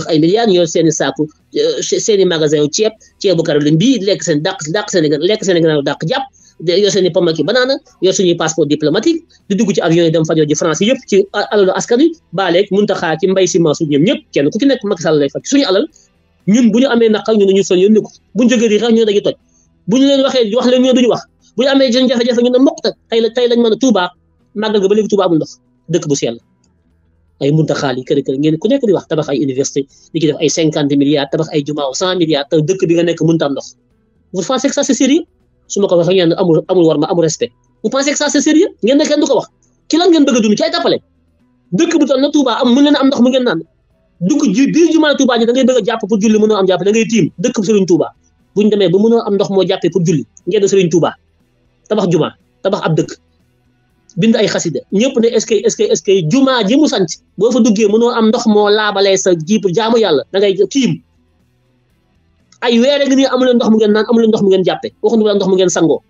saaku seen magasin yu ceeb ceebu banaana yor suñuy passeport diplomatique di dugg ci avion yi dem fajoo ji yëpp ci alalu askan wi baaleeg Mountakha ci Mbaye Sy Mansour ñëpp kenn ku ci nekk Macky Sall lay suñu alal ñun bu ñu amee naqar ñu ne ñu son yónni ko buñ jógee di xew ñu wax bu ñu amee jën jafe-jafe ñu tey la tey lañ mën a bu sell ay muntaxaal yi kër kër ngeen ku nekk di wax tabax ay nga nekk mënut am ndox vous sérieux su ma ko waxee ngeen amul amul war ma amul respect u pensez que ça c'est sérieux ngeen ne kenn du ko wax ci lan ngeen bëgg a dund dëkk bu toll na Touba am mën leen am ndox mu ngeen naan dugg ji jumaa Touba ji da ngay bëgg a jàpp pour julli mënoo am jàpp da ngay tiim dëkk bu Serigne Touba buñ demee ba mënoo am ndox moo jàppee pour julli ngeen Serigne Touba tabax juma tabax ab dëkk bind ay xasida ñëpp ne est-ce que est-ce que est ji mu sant boo fa duggee mënoo am ndox moo laabale sa jiib jaamu yàlla da ngay tiim ay weer rek nii amu leen ndox mu ngeen naan amu leen ndox mu ngeen jàppe waxuñu la ndox mu ngeen sangoo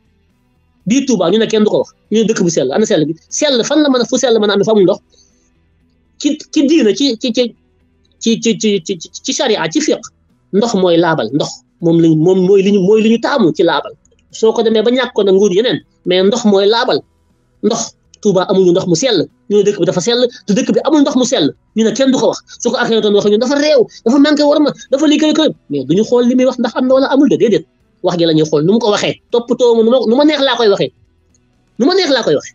bii Touba ñu ne kenn du ko wax ñu ne dëkk bu sell ana sell bi sell fan la mën a fu sell mën a ànd ci amul ndox ci ci diina ci ci ci ci ci ci ci charia ci fiq ndox mooy laabal ndox moom lañ moom mooy li ñu mooy li ñu taamu ci laabal soo ko demee ba ñàkkoon a nguur yeneen mais ndox mooy laabal ndox Touba amuñu ndox mu sell ñu ne dafa sell dëkk bi amul ndox mu sell ñu ne kenn du ko wax su ko Akhenaton waxee ñun dafa réew dafa manqué war ma dafa liggéey kër mais duñu xool li muy wax ndax am na wala amul de déedéet wax ji la ñuy xool nu mu ko waxee toppatoo ma nu ma neex laa koy waxee nu ma neex laa koy waxe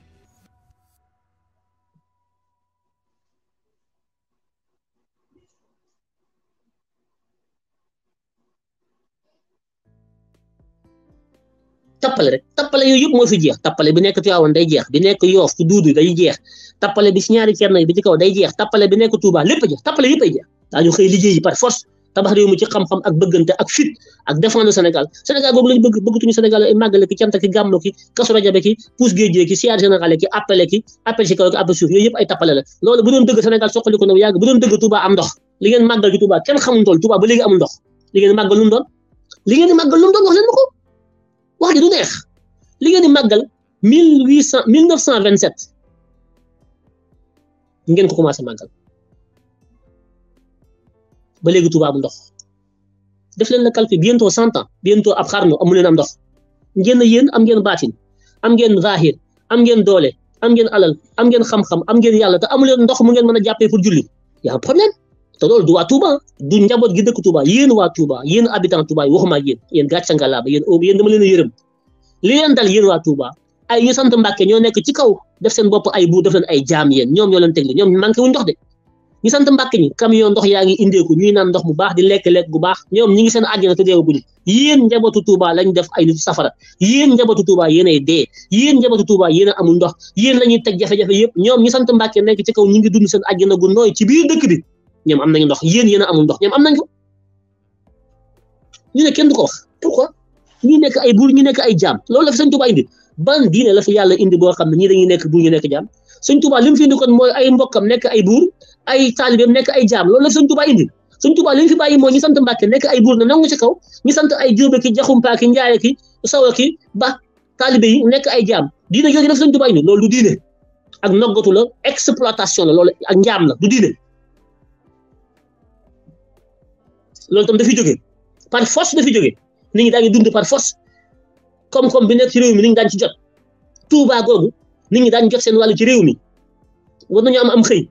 tapale rek tapale yooyu yëpp mo fi jeex tapale bi nek tiawon day jeex bi nek yof ku dudu day jeex tapale bi si ñaari cerno bi ci kaw day jeex tapale bi nek Touba lepp jeex tappale yëpp ay jeex xey liggey yi par force tabax rew mu ci xam-xam ak bëggante ak fit ak défendre Sénégal Sénégal gog lañu bëgg tuñu Sénégal ay magal ki cant ki gamlo ki kasu rajabe ki pousse géejee ki siar général ki appelé ki appel ci kaw ak appel suuf yoy yep ay tapale la lolu bu doon dëgg Sénégal soqali na yàgg bu doon dëgg Touba am ndox li ngeen magal ci Touba kenn xamul tool Touba ba légui amul ndox li ngeen magal lu ndon li ngeen magal lu ndon wax leen ko wax ji du neex li ngeen di màggal mille huit cent mille neuf cent vingt sept ngeen ko commencé màggal ba léegi Touba ndox def leen la calcul bientôt cent ans bientôt ab xarnu amu leen am ndox ngeen yéen am ngeen baatin am ngeen zahir am ngeen doole am ngeen alal am ngeen xam-xam am ngeen yàlla amu leen ndox mu ngeen mën a jàppee pour julli y problème. te loolu du waa Touba du njaboot gi dëkk Touba yéen waa Touba yéen habitant Touba yi waxuma yéen yéen gàcce ngalaaba yéen yéen dama leen a yërëm li leen dal yéen waa Touba ay ñu sant Mbàkke ñoo nekk ci kaw def seen bopp ay buur def leen ay jaam yéen ñoom ñoo leen teg li ñoom manqué wuñ ndox de ñu sant Mbàkke ñi camion ndox yaa ngi indeeku ñuy naan ndox bu baax di lekk-lekk bu baax ñoom ñi ngi seen àjjana te deewaguñu yéen njabootu Touba lañ def ay nitu safara yéen njabootu Touba yéen ay dee yéen njabootu Touba yéen a amul ndox yéen la ñuy teg jafe-jafe yëpp ñoom ñu sant Mbàkke nekk ci kaw ñi ngi dund seen àjjana gu nooy ci biir dëkk bi ñoom am nañu ndox yéen yéen a amul ndox ñoom am nañ ko ñu ne kenn ko wax pourquoi ñi nekk ay buur ñu nekk ay jaam loolu la fi sëñ Tuubaa indi ban diine yàlla indi boo xam ne ñii dañuy nekk buur ñu nekk jaam sëñ Tuubaa li mu fi indi mooy ay mbokkam nekk ay buur ay taalibeem nekk ay jaam loolu la fi sëñ Tuubaa indi sëñ tubaa li mu fi bàyyi mooy ñu sant Mbàkke nekk ay buur ne nangu ci kaw ñu sant ay Jóobe ki Jaxumpa ki Njaay ki Sawa ki ba taalibe yi nekk ay jaam diine jooju la fi sëñ Tuubaa indi loolu du diine ak noggatu la exploitation la loolu ak njaam la du diine loolu tam dafiy jógee par force dafiy jógee nit ñi daañu dund par force koom-koom bi nekk ci réew mi nit ci jot Touba googu nit ñi daañu jot seen wàllu ci réew mi war nañu am am xëy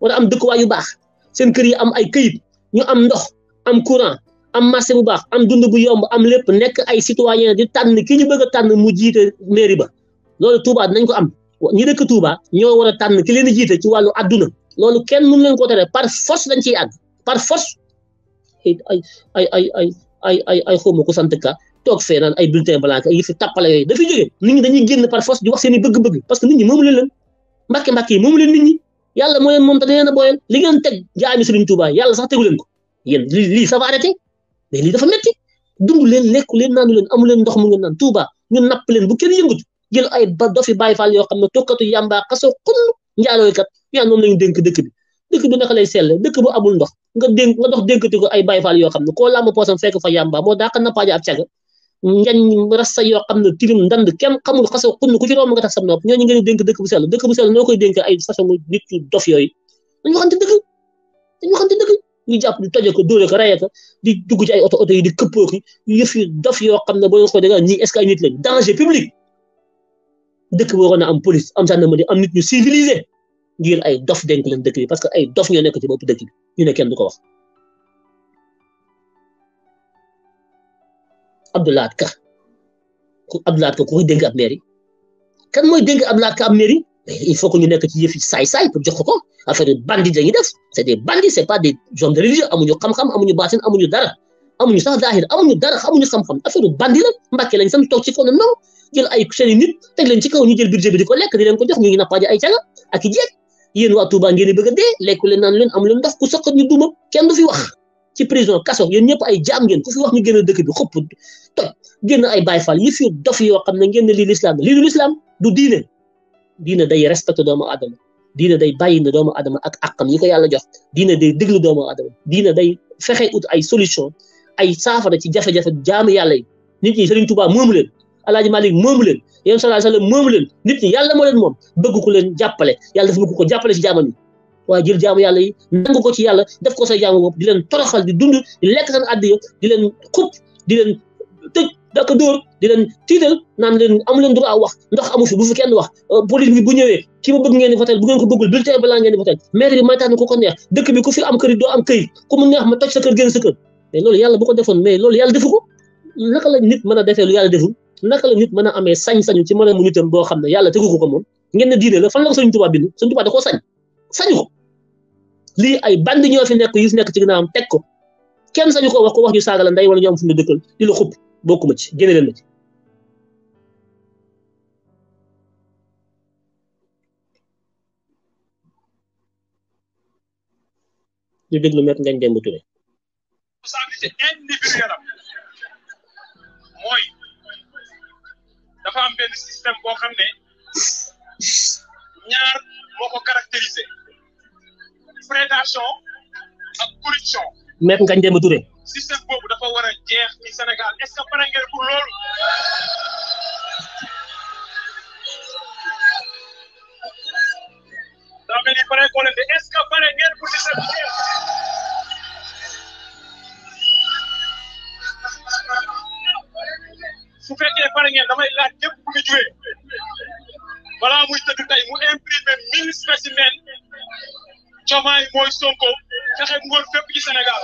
war a am dëkkuwaay yu baax seen kër yi am ay këyit ñu am ndox am courant am marché bu baax am dund bu yomb am lépp nekk ay citoyen di tànn ki ñu bëgg a tànn mu jiite mairie ba loolu Touba nañ ko am ñi dëkk Touba ñoo war a tànn ki leen di jiite ci wàllu àdduna loolu kenn mun leen ko tere par force dañ ciy àgg kayit ay ay ay ay ay ay ay xawma ko sant ka toog fee dañuy génn par force di wax seen i bëgg-bëgg parce que nit ñi moomu leen leen mbàkke mbàkke yi moomu leen nit ñi yàlla moom te da a booyal li teg jaami Sëriñ Tuubaa sax tegu ko yéen lii lii mais lii dafa metti dund leen naanu leen amu leen ndox mu ngeen naan Tuubaa ñu napp leen bu kenn yëngutu jël ay ba dofi bàyyi faal yoo xam ne tokkatu yàmbaa xasoo xunn njaalooykat bi dëkk bi naka lay selle dëkk bu amul ndox nga dénk nga dox dénkati ko ay bayfaal yoo xam ne koo làmb poosam fekk fa yàmba moo daaka nappaaja ab caga njañ rasta yoo xam ndand kenn xamul xasa xunn ku nga tax sam nopp koy dénk ay façon nit yu dof yooyu dañu waxante dëgg dañu waxante dëgg ñu jàpp di da nga ñii est-ce dëkk boo a am police am gendarmerie am nit ñu civilisé ngir ay dof dénk leen dëkk bi parce que ay dof ñoo nekk ci bopp dëkk bi ñu ne kenn du ko wax abdoulat Ka ku abdoulat Ka ku koy dénk ab mairie kan mooy dénk abdoulat Ka ab mairie il faut que ñu nekk ci yëf yi saay-saay pour jox ko ko affaire bandit la ñuy def c' est des bandits c' est pas des gens de religion amuñu xam-xam amuñu baatin amuñu dara amuñu sax daahir amuñu dara amuñu xam-xam affaire bandit la mbàkkee lañ sam toog ci fonu non jël ay seen nit teg leen ci kaw ñu jël budget bi di ko lekk di leen ko jox ñu ngi nappaaje ay caga ak i jeeg yéen waa Touba ngeen di bëgg a dee lekku leen naan leen amu leen ndax ku saqat ñu duma kenn du fi wax ci prison kaso yéen ñëpp ay jaam ngeen ku fi wax ñu génn dëkk bi xupp toj génn ay Baay Faal yëf yu dof yoo xam ne ngeen ne lii lislaam lii du lislaam du diine diine day respecté doomu aadama diine day bàyyi ne doomu aadama ak àqam yi ko yàlla jox diine day déglu doomu aadama diine day fexe ut ay solution ay saafara ci jafe-jafe jaamu yàlla yi nit ñi Sëriñ Tuubaa moomu leen alaaji Malick moomu leen yow sallallahu alayhi leen nit ñi yàlla moo leen moom bëgg ku leen jàppale yàlla dafa bëgg ko jàppale ci jaamam yi waaye jël jaamu yàlla yi nangu ko ci yàlla def ko say jaamu bopp di leen toroxal di dund di lekk seen àddi yo di leen xub di leen tëj daka dóor di leen tiital naan leen amu leen droit wax ndox amu fi bu fi kenn wax euh, police bi bu ñëwee ki ma bëgg ngeen votel bu ngeen ko bëggul bulletin blanc ngeen votel maire bi may tax na ku ko neex dëkk bi ku fi am kërit doo am yàlla bu ko defoon mais loolu yàlla defu ko naka mën a yàlla deful naka la nit mën a amee sañ-sañu ci moromu nitam boo xam ne yàlla tegu ko ko moom ngeen ne diine la fan la ko sëñ Tuubaa bind sëñ Tuubaa da koo sañ sañu ko lii ay bandi ñoo fi nekk yu fi nekk ci am teg ko kenn sañu ko wax ko wax ñu saaga la ndey wala ñu am fu mu dëkkal di la xupp bokkuma ci génne leen ma ci. ñu dafa am benn système boo xam ne ñaar moo ko caractérisé prédation ak corruption. Maître Ngagne Demba Touré. système boobu dafa war a jeex ci Sénégal est-ce que pare ngeen pour loolu. daa mel ni pare koo de est-ce que pare ngeen pour système bi jeex. su fekkee pare ngeen damay laaj képp ku ñu jógee balaa muy tëdd tey mu imprimer mille spécimen Diomaye mooy Sonko fexe ngoon fépp ci Sénégal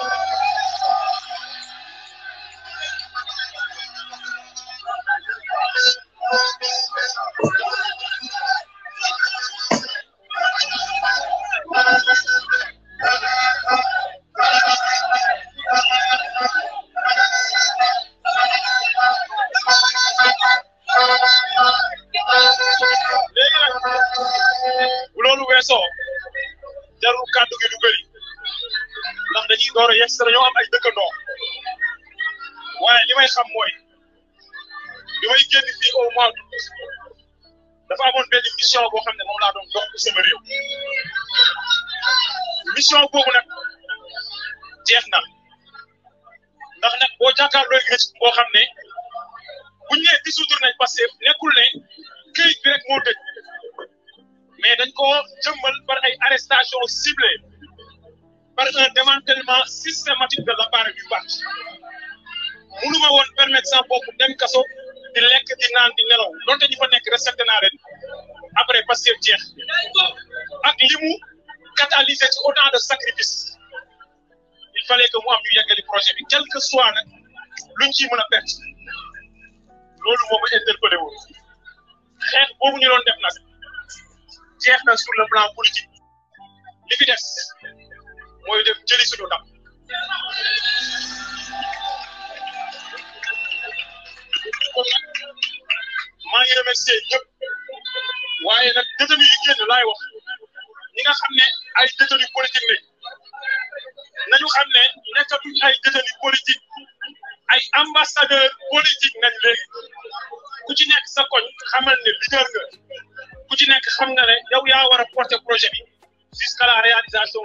weesoo jarul kàddu gi du ndax dañuy door a yegg si dañoo am ay xam mooy li génn fii au mois dafa amoon benn mission boo ne moom laa doon dox ci sama réew jeex na ndax nag boo jàkkaarloo gis boo xam ne buñ nee dissoudre nañ parce que nekkul ne këyit bi rek mais dañ ko jëmbal par ay arrestations ciblées par un démantèlement systématique de l'appareil du parti munu ma woon permettre sa bop dem kasso di lek di nan di nelaw donte ñu fa nek respecté na ren après passer jeex ak li catalyser ci autant de sacrifices il fallait que mu am ñu yeggali projet bi quel que soit nak luñ ci mën a perte loolu moo ma interpellé woon xeex ñu don def jeex na sur le plan politique li fi des mooy dem jëli suñu ndam kon nag maa ngi remercier ñëpp waaye nag détenu yi génn laay wax ay détenu politique lañ nañu xam ne nekkatuñ ay détenu politique ay ambassadeur politique nañ ku ci sa koñ xamal ne leader ku ci nekk xam nga ne yow yaa war a porter projet bi jusqu'à la réalisation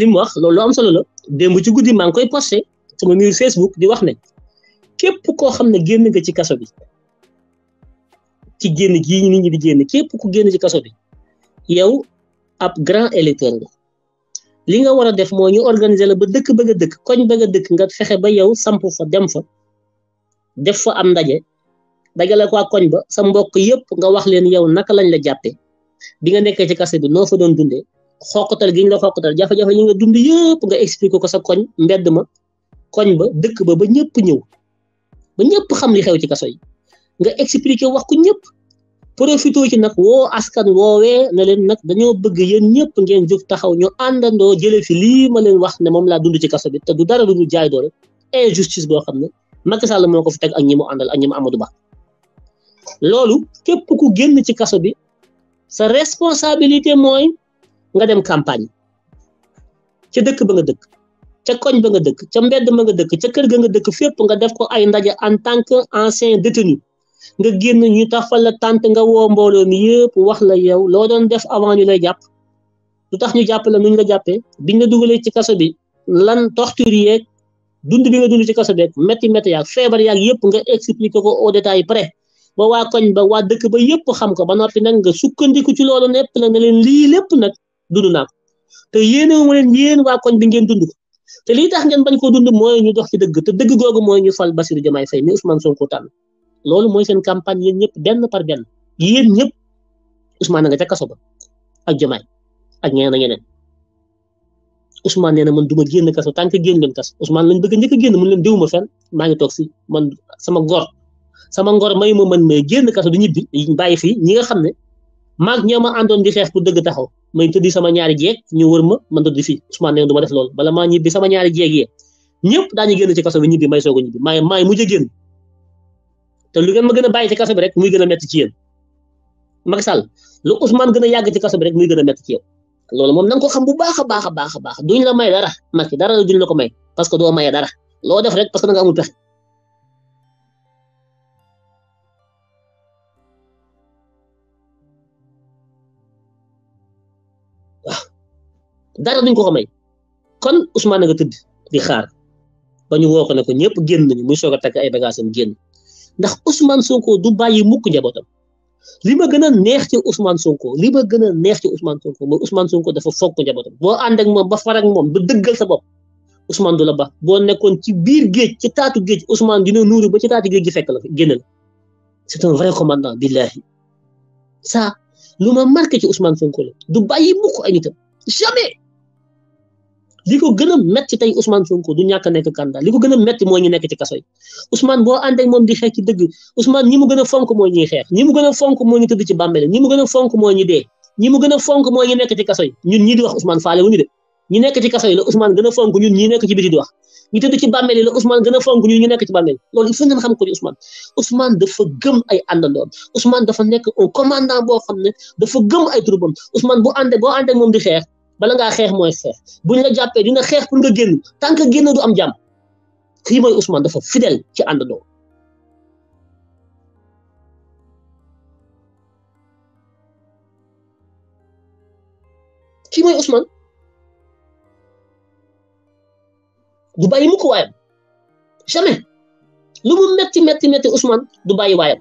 li mu wax loolu am solo la démb ci guddi maa ngi koy posté sama mur Facebook di wax ne képp koo xam ne génn nga ci kaso bi ci génn gii nit ñi di génn képp ku génn ci kaso bi yow ab grand électeur li nga war a def moo ñu organiser la ba dëkk ba a dëkk koñ bëgg a dëkk nga fexe ba yow samp fa dem fa def fa am ndaje dajale ko koñ ba sa mbokk yëpp nga wax leen yow naka lañ la jàppee bi nga nekkee ci kase bi noo fa doon dundee xoqatal gi ñu la xoqatal jafe-jafe yi nga dund yëpp nga expliqué ko sa koñ mbedd ma koñ ba dëkk ba ba ñëpp ñëw ba ñëpp xam li xew ci kaso yi nga expliqué wax ko ñëpp. profité ci nag woo askan woowee ne leen nag dañoo bëgg yéen ñëpp ngeen jóg taxaw ñu àndandoo jëlee fi lii ma leen wax ne moom laa dund ci kaso bi te du dara lu ñu jaay doole injustice boo xam ne Macky Sall moo ko fi teg ak ñi àndal ak ñi mu Amadou képp ku génn ci kaso bi sa responsabilité mooy nga dem campagne ca dëkk ba nga dëkk ca koñ ba nga dëkk ca mbedd ma nga dëkk ca kër ga nga dëkk fépp nga def ko ay ndaje en tant que ancien détenu nga génn ñu tax fal la tànt nga woo mbooloo mi wax la yow loo doon def avant ñu lay jàpp lu tax ñu jàpp la nu ñu la jàppee bi nga dugalee ci kaso bi lan torture yeeg dund bi nga dund ci kaso beeg metti métti yaag feebar yaag yëpp nga expliqué ko au détail près ba waa koñ ba waa dëkk ba yëpp xam ko ba noppi nag nga sukkandiku ci loolu nepp nag ne leen lii lépp nag dund naa te yéene ma leen yéen waa koñ bi ngeen dund ko te lii tax ngeen bañ koo dund mooy ñu dox ci dëgg te dëgg googu mooy ñu fal Bassirou Diomaye Faye mi Ousmane Sonko tànn loolu mooy seen campagne yéen ñëpp benn par benn yéen ñëpp Ousmane nga ca kaso ba ak Diomaye ak ñeneen ak ñeneen Ousmane nee na man du ma génn kaso tant que génn leen kaso Ousmane lañ bëgg njëkk a génn mu leen déwuma fenn maa ngi toog si man sama ngor sama ngor may ma man may génn kaso du ñibbi bàyyi fii ñi nga xam ne maag ñoo ma àndoon di xeex bu dëgg taxaw may tëddi sama ñaari jeeg ñu wër ma man tëdd fii Ousmane nee na du ma def loolu bala maa ñibbi sama ñaari jeeg yee ñëpp daañu génn ci kaso bi ñibbi may soog a ñibbi maay maay mujj a génn te lu ngeen ma gën a bàyyi ci kaso bi rek muy gën a métti ci yéen Macky Sall lu Ousmane gën a yàgg ci kaso bi rek muy gën a métti ci yow loolu moom na nga ko xam bu baax a baax a baax a baax duñ la may dara Macky dara duñ la ko may parce que doo maye loo def rek parce que da nga amul pexe. ko may kon Ousmane nga tëdd di xaar ba ñu woo ko ne ko ñëpp génn nañu muy soog a takk ay bagages am génn. ndax Ousmane Sonko du bàyyi mukk njabootam li ma gën a neex ci Ousmane Sonko li ma gën a neex ci Ousmane Sonko mooy Ousmane Sonko dafa fonk njabootam boo ànd moom ba far moom ba dëggal sa bopp Ousmane du la ba boo nekkoon ci biir géej ci taatu géej Ousmane dina nuuru ba ci taatu géej gi fekk la génn la c'est un vrai commandant billahi ça lu ma marqué ci Ousmane Sonko la du bàyyi mukk ay nitam jamais li ko gën a metti tey Ousmane Sonko du ñàkk nekk candidat li ko gën a metti mooy ñu nekk ci kaso yi Ousmane boo ànd ak moom di xeex ci dëgg Ousmane ñi mu gën a fonk mooy ñuy xeex ñi mu a fonk mooy ñu tëdd ci bàmmeel ñi mu gën a fonk mooy ñi a fonk mooy ñu nekk ci kaso ñun ñii di wax Ousmane faale wu de ñu nekk ci kaso yi la Ousmane a fonk ñun ñii nekk ci biti di wax ñu tëdd ci bàmmeel yi la Ousmane a fonk ñun ñu nekk ci bàmmeel loolu il faut ngeen xam ko ni Ousmane dafa gëm ay àndandoom Ousmane dafa nekk un commandant boo xam ne dafa gëm ay troupam Ousmane boo boo àndee moom di bala nga xex moy xex buñ la jappé dina xex pour nga genn tant que du am jam. ki moy Ousmane dafa fidèle ci àndandoo ki moy Ousmane du bàyyi mukk waayam jamais lu mu metti metti metti Ousmane du bàyyi waayam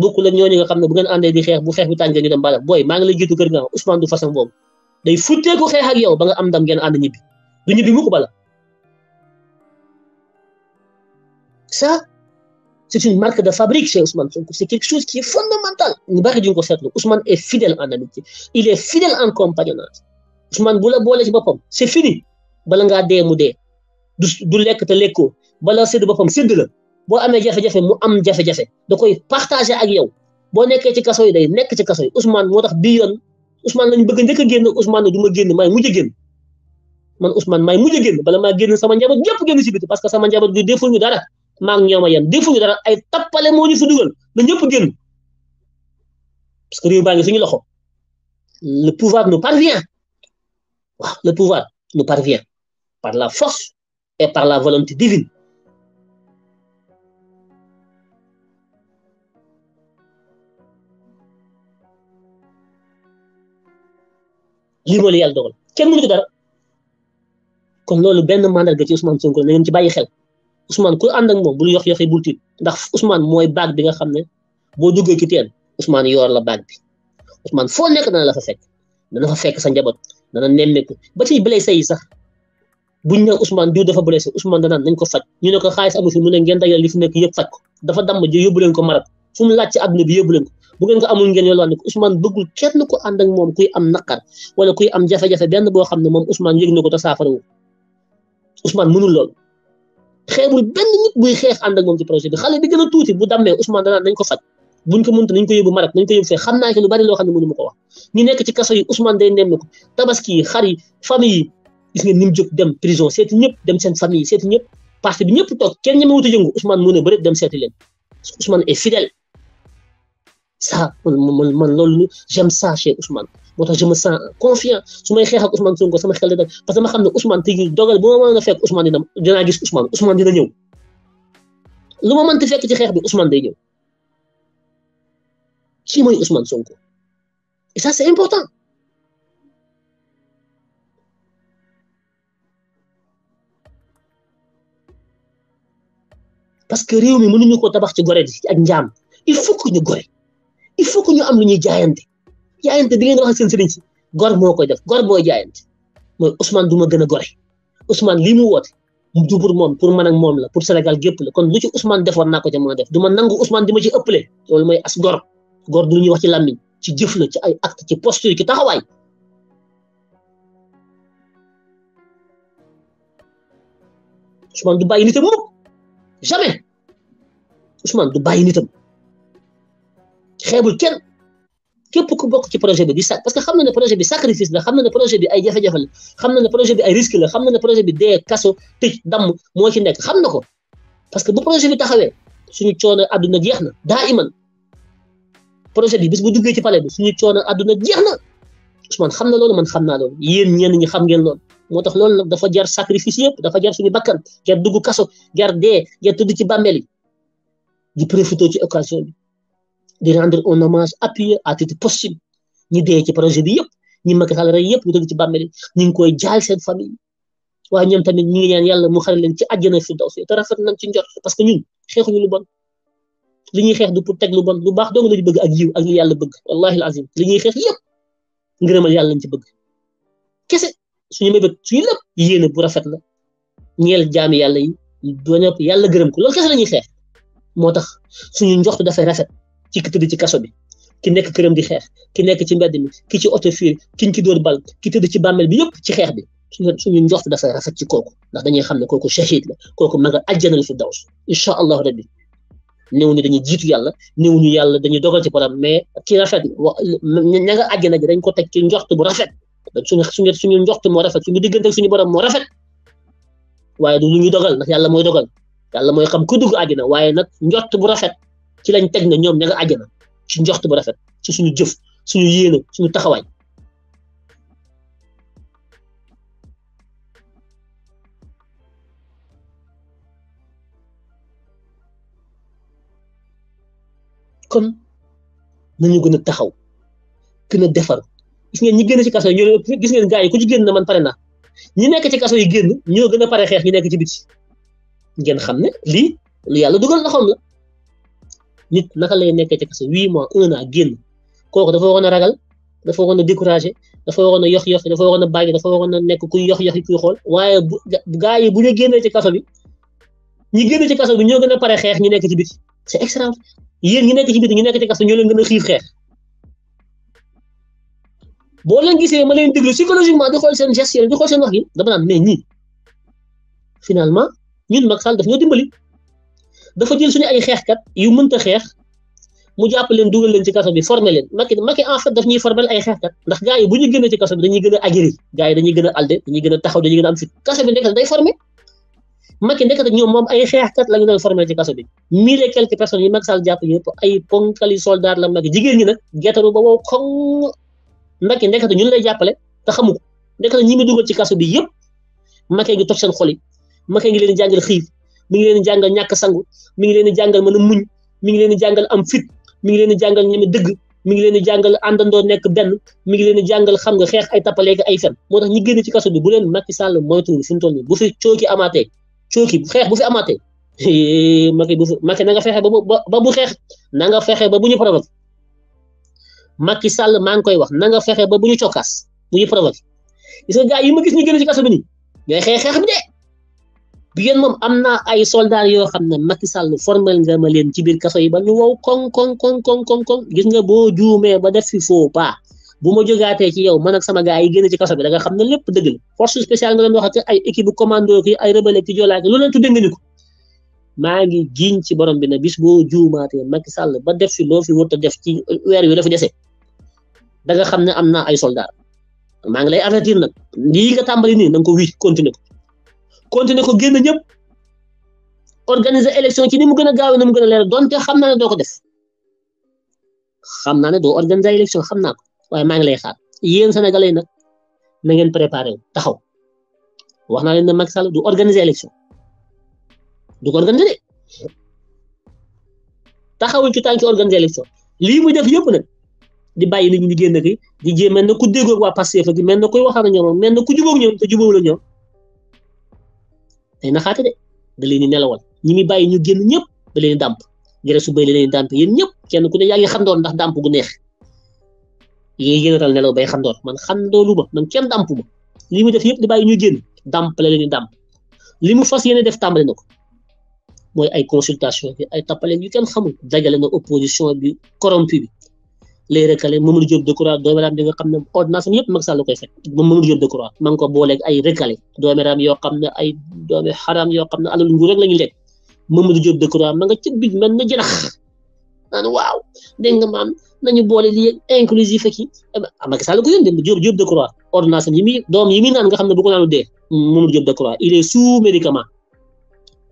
bokkul ak ñooñu nga xamne bu ngeen àndee di xex bu xex bi tàngee ñu dem bala boy ma nga lay jitu kër nga Ousmane du façon boobu day futteeku xeex ak yow ba nga am ndam ngeen ànd ñibbi du ñibbi mukk bala ça c'est une marque de fabrique chez Ousmane Sonko c'est quelque chose qui est fondamental ñu bari duñ ko seetlu Ousmane est fidèle en amitié il est fidèle en compagnonnage Ousmane bu la boole ci boppam c'est fini bala ngaa dee mu dee du du lekk te lekkoo bala sédd boppam sédd la boo amee jafe-jafe mu am jafe da koy partager ak yow boo nekkee ci kaso yi day nekk ci kaso yi Ousmane moo tax bii yoon Ousmane lañu bëgg ñëk gën génn Ousmane du ma génn maay mujj a man Ousmane may mu jëgën bala ma gën sama njabot ñëpp gën ci biti parce que sama du bi ñu dara ma ak ñoma yam yem ñu dara ay tapalé mo ñu fi duggal na ñëpp gën parce que réew baangi suñu loxo le pouvoir nous parvient wa le pouvoir nous parvient par la force et par la volonté divine lii moo la yàlla dogal kenn mënu ko dara kon loolu benn mandarga ci Ousmane Sonko na ngeen ci bàyyi xel Ousmane ku ànd ak moom bul yox yoxe bul ndax Ousmane mooy baag bi nga xam ne boo duggee ci teen Ousmane yor la baag bi Ousmane foo nekk dana la fa dana fa fekk sa njaboot dana nemmeeku ba ci blessé yi sax buñ ne Ousmane diw dafa blessé Ousmane danaan nañ ko faj ñu ne ko xaalis amu fi mu ne ngeen dajal li fi nekk yëpp faj ko dafa damm ji yóbbu leen ko marat fu mu laaj ci àdduna bi yóbbu leen ko bu ngeen ko amul ngeen yolwaan ne ko Ousmane bëggul kenn ku ànd ak moom kuy am naqar wala kuy am jafe-jafe benn boo xam ne moom Ousmane yëg na ko te saafarawu Ousmane mënul lool xeebul benn nit buy xeex ànd ak moom ci projet a tuuti bu dammee Ousmane danaan nañ ko ko mënta nañ ko yóbbu Maroc nañ xam naa ci lu bari loo ne mënu ma ko wax ñu nekk ci kaso yi Ousmane day nemm ko tabaski yi xar yi ni mu jóg dem prison seeti ñëpp dem seen famille seeti ñëpp parti bi ñëpp toog kenn ñemewut a yëngu Ousmane mu ne bëri dem seeti leen ça man man man loolu j'aime ça chez Ousmane moo tax je me su may xeex ak Ousmane Sonko sama xel da parce que ma xam ne Ousmane tey dogal bu ma mën a fekk Ousmane dina dinaa gis Ousmane Ousmane dina ñëw lu ma mënti fekk ci xeex bi Ousmane day ñëw ci mooy Ousmane Sonko et ça c'est important parce que réew mi mënuñu ko tabax ci gore ji ak njaam il faut que ñu gore. il faut que ñu am lu ñuy jaayante jaayante di ngeen wax seen sëriñ si gor moo koy def gor booy jaayante mooy Ousmane du ma gën a gore Ousmane lii mu woote du pour moom pour man ak moom la pour Sénégal gépp la kon lu ci Ousmane defoon naa ko ca mën a def du ma nangu Ousmane di ma ci ëppale loolu mooy as gor gor du lu ñuy wax ci làmmiñ ci jëf la ci ay acte ci posture ci taxawaay Ousmane du bàyyi nitam mukk jamais Ousmane du bàyyi nitam. xeebul kenn képp ku bokk ci projet bi di sac parce que xam na ne projet bi sacrifice la na ne projet bi ay jafe la xam na ne projet bi ay risque la xam na ne projet bi dee kaso tëj damm moo ci nekk xam na ko parce que bu projet bi taxawee suñu coono àdduna jeex na daa iman projet bi bis bu duggee ci palais bi suñu coono àdduna jeex na Ousmane xam na loolu man xam naa loolu yéen ñenn ñi xam ngeen loolu moo tax loolu nag dafa jar sacrifice yëpp dafa jar suñu bakkan jar dugg kaso jar dee jar tudd ci bàmmeel yi di profité ci occasion bi di rendre un hommage appuyé à titre possible ñi dee ci projet bi yëpp ñi Macky Sall rey yëpp ñu dëgg ci bàmmeel ñu ngi koy jaal seen famille waaye ñoom tamit ñu ngi ñaan yàlla mu xare leen ci àjjana firdawsi te rafet nañ ci njort parce que ñun xeexuñu lu bon li ñuy xeex du pour teg lu bon lu baax dong lañu bëgg ak yiw ak li yàlla bëgg wallahi alazim li ñuy xeex yëpp yàlla lañ ci bëgg kese suñu mébét suñu lépp yéene bu rafet la ñeel jaami yàlla yi ba ñëpp yàlla gërëm ko loolu kese la ñuy xeex moo tax suñu njort dafay rafet ci ki tëdd ci kaso bi ki nekk këram di xeex ki nekk ci mbedd mi ki ci oto fiir ki ñu ci dóor bal ki tëdd ci bàmmeel bi yëpp ci xeex bi suñu suñu njoxtu dafa rafet ci kooku ndax dañuy xam ne kooku shahid la kooku ma nga àjjanal fi daws incha allahu rabbi néew ñu dañuy jiitu yàlla néew ñu yàlla dañuy dogal ci borom mais ki rafet ña nga àjjana ji dañ ko teg ci njoxtu bu rafet suñu suñu suñu njoxtu moo rafet suñu diggante suñu borom moo rafet waaye du lu ñu dogal ndax yàlla mooy dogal yàlla mooy xam ku dugg àjjana waaye nag njort bu rafet ci lañ teg na ñoom ña nga àjjana ci njoxtu bu rafet ci suñu jëf suñu yéene suñu taxawaay kon nañu gën a taxaw gën na defar gis ngeen ñi génn ci kaso yi ñoo gis ku ci génn man pare na ñi nekk ci kaso yi génn ñoo gën a pare xeex ñi nekk ci biti ngeen xam ne lii lu yàlla dugal loxoom la nit naka lay nekkee ci kaso huit mois un an génn kooku dafa waroon a ragal dafa waroon a découragé dafa waroon a yox yox dafa waroon a bàyyi dafa waroon a nekk kuy yox yox kuy xool waaye bu gaa yi bu ñu génnee kaso bi ñu génn ci kaso bi ñoo gën a pare xeex ñu nekk ci biti c'est extra yéen ñi nekk ci biti ñu nekk ci kaso leen gën a xiif xeex boo leen gisee ma leen déglu psychologiquement di xool seen gestion di xool seen wax yi dama naan mais ñii finalement ñun Macky Sall daf ñoo dimbali. dafa jël suñu ay xeexkat yu mënta xeex mu jàpp leen dugal leen ci kaso bi forme leen Macky Macky en fait daf ñuy formel ay xeexkat ndax gars yi bu ñu génnee ci kaso bi dañuy gën a aguerri gars yi dañuy gën a alde dañuy gën a taxaw a am fit kaso bi nekk moom ay xeexkat la ñu doon formé ci kaso bi mille et quelques personnes yi Macky Sall jàpp yëpp ay ponkali soldat la Macky jigéen ñi nag gertaru ba wow koŋ Macky nekk ñun lay jàppale te xamu ko nekk ñi mu dugal ci kaso bi yëpp Macky ngi toj seen xol yi Macky ngi leen jàngal xiif mi ngi leen di jàngal ñàkk sangu mi ngi leen di jàngal mën a muñ mi ngi leen di jàngal am fit mi ngi leen di jàngal ñeme dëgg mi ngi leen di jàngal àndandoo nekk benn mi ngi leen di jàngal xam nga xeex ay tappaleeg ay fen moo tax ñi génn ci kaso bi bu leen Macky Sall moytuwul fi mu toll nii bu fi cooki amaatee cooki xeex bu fi amaatee Macky bu fi Macky na nga fexe ba bu ba bu xeex nanga fexee ba bu ñu provoqué ki Sall maa ngi koy wax na nga fexe ba bu ñu cokkaas bu ñu provoqué gis nga gars yi ma gis ñu génn ci kaso bi nii ñooy xeex xeex bi de bi yéen moom am naa ay soldats yoo xam ne Macky Sall formel nga ma leen ci biir kaso yi ba ñu wow koŋ koŋ koŋ koŋ koŋ gis nga boo juumee ba def fi faux pas bu ma jógaatee ci yow man ak sama gars yi génn ci kaso bi xam ne lépp dëgg la force spéciale nga doon wax ak ay équipe bu commando ki ay rebelle ki joolaa ki loolu leen tuddee nga ni maa ngi giñ ci borom bi ne bis boo juumaatee Macky Sall ba def fi loo fi wut a def ci weer yu dafa dese da xam ne am naa ay soldats maa ngi lay avertir nag lii nga tàmbali nii na ko wii continuer continuer ko génn ñëpp organiser élection ci ni mu gën a gaawee ni mu gën a leer donte xam naa ne doo ko def xam naa ne doo organiser élection xam naa ko waaye maa ngi lay xaar yéen sénégalais yi nag na ngeen préparé wu taxaw wax naa leen ne Macky Sall du organiser élection du ko organiser de taxawul ci tànki organiser élection lii muy def yëpp nag di bàyyi nit ñi di génn ki di jéem mel na ku déggoog waa Pastef gi mel na kuy waxaan ñoom mel na ku jubóog ñoom te jubóog la ñoom. day naxaate de da leen di nelawal ñi muy bàyyi ñu génn ñëpp da leen dàmp gere su bay da leen dàmp yéen ñëpp kenn ku ne yaa ngi xandoon ndax dàmp gu neex yéen yéenatal nelaw bay xandoon man xandoolu ma man kenn dàmp ma li mu def yëpp di bàyyi ñu génn dàmp la leen dàmp li mu fas yéene def tàmbali na ko mooy ay consultation bi ay tappale yu kenn xamul dajale na opposition bi corrompu bi les recalés Mamadou Diop Decroix dooméram bi nga xam ordonnance am mak sallu Sall koy fekk Mamadou Diop de croix mang ko bolé ak ay recalé doomi ram yo ne ay doomi haram yo xam alal nguur rek la ñu lekk Mamadou Diop Decroix ma nga ci bij man na jënax nan waw de nga maam nañu bolé li ak inclusif ak yi ah Macky sallu ko yónnee Diop de croix ordonnance yi mi doom yi mi nan nga xam bu ko dé naanu dee Mamadou de croix il est sous médicament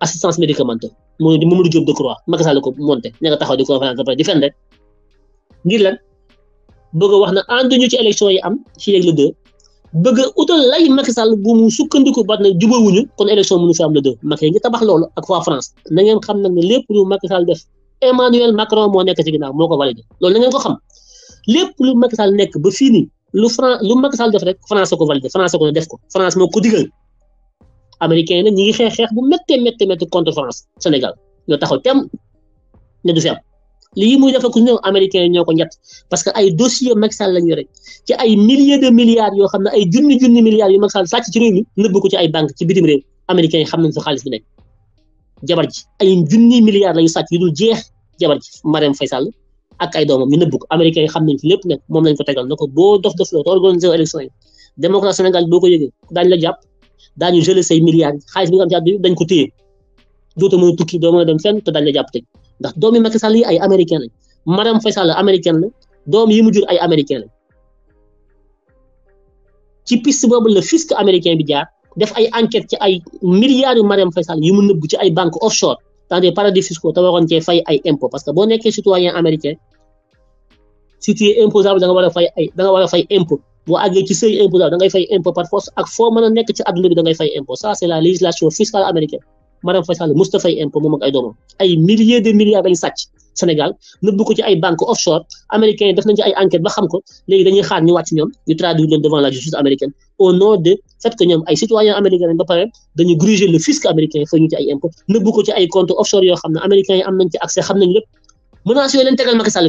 assistance médicamenteuse Mamadou Diop Decroix Macky Sall ko monté ña nga taxaw di conférence après di fen rek ngir lan bëgg a wax na ànduñu ci élection yi am ci ak le deux bëgg a utal lay Macky Sall bu mu sukkandiku ba ne jubawuñu kon élection mënu fi am le deux Macky ngi tabax loolu ak waa France na ngeen xam nag lépp lu Macky Sall def Emmanuel Macron moo nekk ci ginnaaw moo ko validé loolu na ngeen ko xam lépp lu Macky nekk ba fii nii lu Fran lu Macky Sall def rek France ko validé France ko def ko France moo ko digal américains yi nag ñi ngi xeex xeex bu méttee méttee métti contre France Sénégal ñoo taxaw tem ne du lii muy def ak union américaine ñoo ko ñett parce que ay dossier Macky Sall lañu rek ci ay milliers de milliards yoo xam ne ay junni junni milliards yu Macky Sall sàcc ci réew ko ci ay banque ci bitim réew américains yi xam nañ fa xaalis bi nekk jabar ji ay lañu sàcc yu dul jeex jabar ji Marème Faye Sall ak ay doomam ñu nëbb ko américains yi xam nañ fi lépp nekk moom lañ ko tegal na ko boo dof dof loo te organisé élection yi démocratie Sénégal boo ko yëgee daañu la jàpp daañu gelé say milliards xaalis bi nga xam ci dañ ko téye doota mën a tukki doo a dem fenn te ndax doom yi Macky Sall yi ay américain lañ madame Faye Sall américaine la doom yi mu jur ay américain lañ ci piste boobu la fisc américain bi jaar def ay enquête ci ay milliards yu madame Faye Sall yi mu nëbbu ci ay banque offshore dans des paradis fiscaux te waroon cee fay ay impôt parce que boo nekkee citoyen américain si tu es imposable da nga war a fay ay a fay impôt boo àggee ci seuil imposable da ngay fay impôt par ak foo mën a nekk ci àdduna bi da ngay fay impôt ça c'est la législation fiscale américaine madame Faye Sall musta fay impôt moom ak ay doomam ay milliers de milliards dañu sàcc Sénégal nëbbu ci ay banque offshore américains def nañ ay enquête ba xam ko léegi dañuy xaar ñu wàcc ñoom ñu traduire devant la justice américaine au nom de fait que ñoom ay citoyens américains ba pare dañu gruger le fisc américain fay ñu ci ay impôt nëbbu ci ay compte offshore yoo xam ne américains am nañ ci accès xam nañ lépp menaces yooyu leen tegal Macky Sall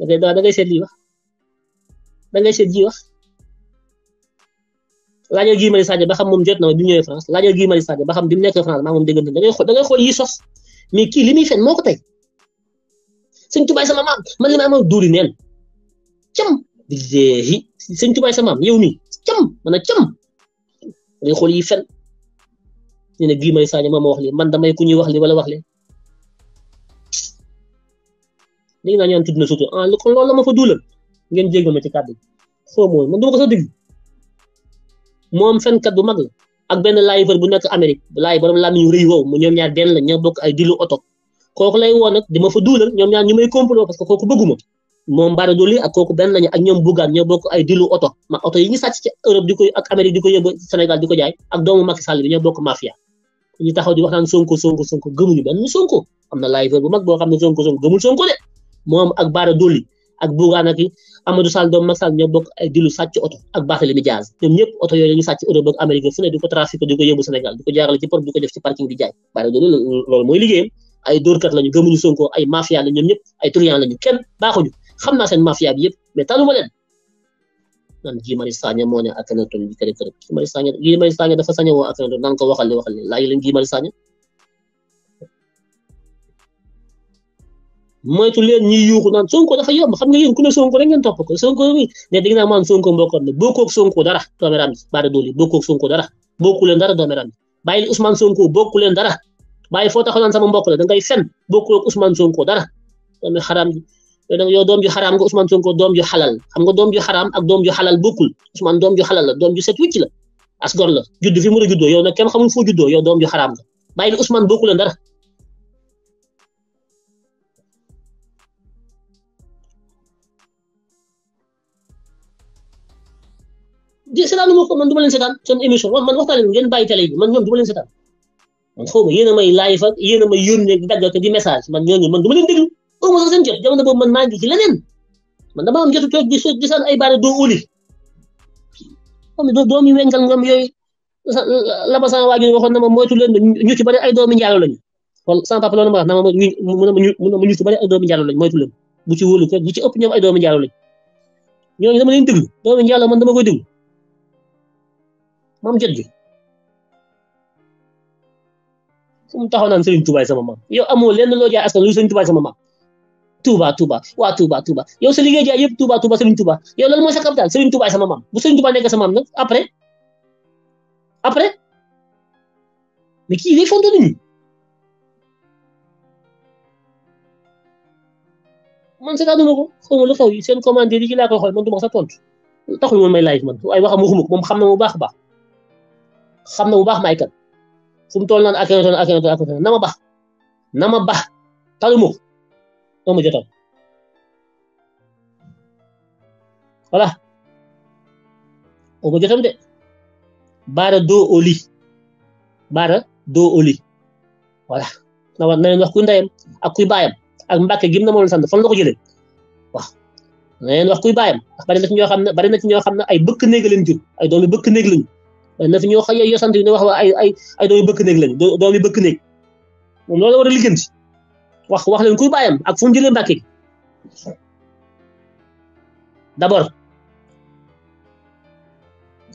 da ngay da ngay seet lii wax da ngay seet ji wax laajal Guy Marius Sagna ba xam moom jot na ma bi mu ñëwee France laajal Guy Marius Sagna ba xam bi mu nekkee France maa moom déggante da ngay xool yi sos mais kii li muy fen moo ko tey sëñ tubaay man li ma amal duuri neen cam billahi sëñ tubaay sama maam yow nii cam man a cam da xool yi fen ñu ne Guy Marius Sagna ma ma wax li man damay ku ñuy wax li wala wax le li nga ñaan tudd na surtout ah kon loolu la ma fa duulal ngeen jéggal ma ci kaddu xaw ma man duma ko sax dégg moom fenkat bu mag la ak benn laayifar bu nekk Amérique laay borom ñu rëy wow mu ñoom ñaar benn la ñoo bokk ay dilu oto kooku lay woo nag dima fa duulal ñoom ñaar ñu may complot parce que kooku bëgguma moom Bara Dolly ak kooku benn lañu ak ñoom Bougane ñoo bokk ay dilu oto ma oto yi ñu sàcc ci Europe di ko ak Amérique di ko yóbbu Sénégal eh. di ko jaay ak doomu Macky Sall bi ñoo bokk mafia ñu taxaw di wax naan sonko sonko sonko gëmuñu benn sonko am na laayifar bu mag boo xam ne sonko sonko gëmul sonko de moom ak Bara Dolly ak Bougane ak Amadou Sall doom Macky Sall ñoo bokk ay dilu sàcc oto ak Barthélémy Dias ñoom ñëpp oto yooyu ñu sàcc Europe ak fu ne di ko trafiqué di ko yóbbu Sénégal ci port di ko ci parking di jaay Bara Dolly loolu mooy liggéeyam ay dóorkat lañu gëmuñu Sonko ay mafia la ñoom ñëpp ay truand lañu kenn baaxuñu xam naa seen mafia bi yëpp mais taluma nan Guy Marius Sagna moo ne ak kër kër Guy Marius Sagna moytu leen ñiy yuuxu naan sonko dafa yomb xam nga yéen ku ne sonko rek ngeen topp ko sonko bi ne dinga naa maan sonko mbokkoon la bokkoog sonko dara doomeram bi baara dooli bokkoog sonko dara bokku leen dara doomeram bi bàyyi Ousmane Sonko bokku leen dara bàyyi foo taxaw naan sama mbokk la da ngay fen bokkuloog Ousmane Sonko dara doomi xaraam ji yow doom ju xaraam nga Ousmane Sonko doom ju xalal xam nga doom ju xaraam ak doom ju xalal bokkul Ousmane doom ju xalal la doom ju set wicc la asgor la judd fi mu a juddoo yow nag kenn xamul foo juddoo yow doom ju xaraam nga bàyyi Ousmane dara seetaanu ma ko man du ma leen seetaan émission man waxtaan leen man ñoom du man xaw ma may live ak yéen a may yónnee di dagg ak di message man ñooñu man du ma leen déglu xaw ma sax seen jot jamono boobu man maa ngi ci leneen man damaa am jotu toog di di saan ay baare doo óoli xam ne doomi wengal ma moytu leen ñu ci bari ay doomi njaalo lañu kon sama papa loolu ma wax na ma mu ma ñu ci bari ay doomi njaalo lañu moytu leen bu ci dama leen déglu doomi njaalo man dama koy déglu maam jot gi fu mu taxaw naan Serigne Touba sama yow amoo lenn loo jaay askan lu Serigne Touba sama maam Touba Touba waa Touba Touba yow sa liggéey jaay yëpp Touba Touba Serigne Touba yow loolu mooy sa capital Serigne Touba sama maam bu Serigne Touba nekk sama maam nag après après mais kii day fonto nit ñi sa tontu taxul woon may live man ay waxam waxuma ko moom xam na mu baax a baax. xam na bu baax may kan fu mu toll naan ak Akhenaton Akhenaton Akhenaton na baax na ma baax taluma ko doo de baara doo oli baara doo oli voilà na wax kuy ndeyam ak kuy baayam ak mbàkke gim na moo leen sant fan la ko jëlee waaw na kuy baayam ndax bari na ñoo xam ne bari na ci ñoo xam ne ay bëkk néeg leen jur ay doomi bëkk néeg lañu na fi ñoo xa yoo sant yi ne ay ay ay doomi bëkk néeg lañ doomi bëkk néeg moom loolu war a wax wax leen kuy bàyyam ak fu mu jëlee mbàkke gi d'abord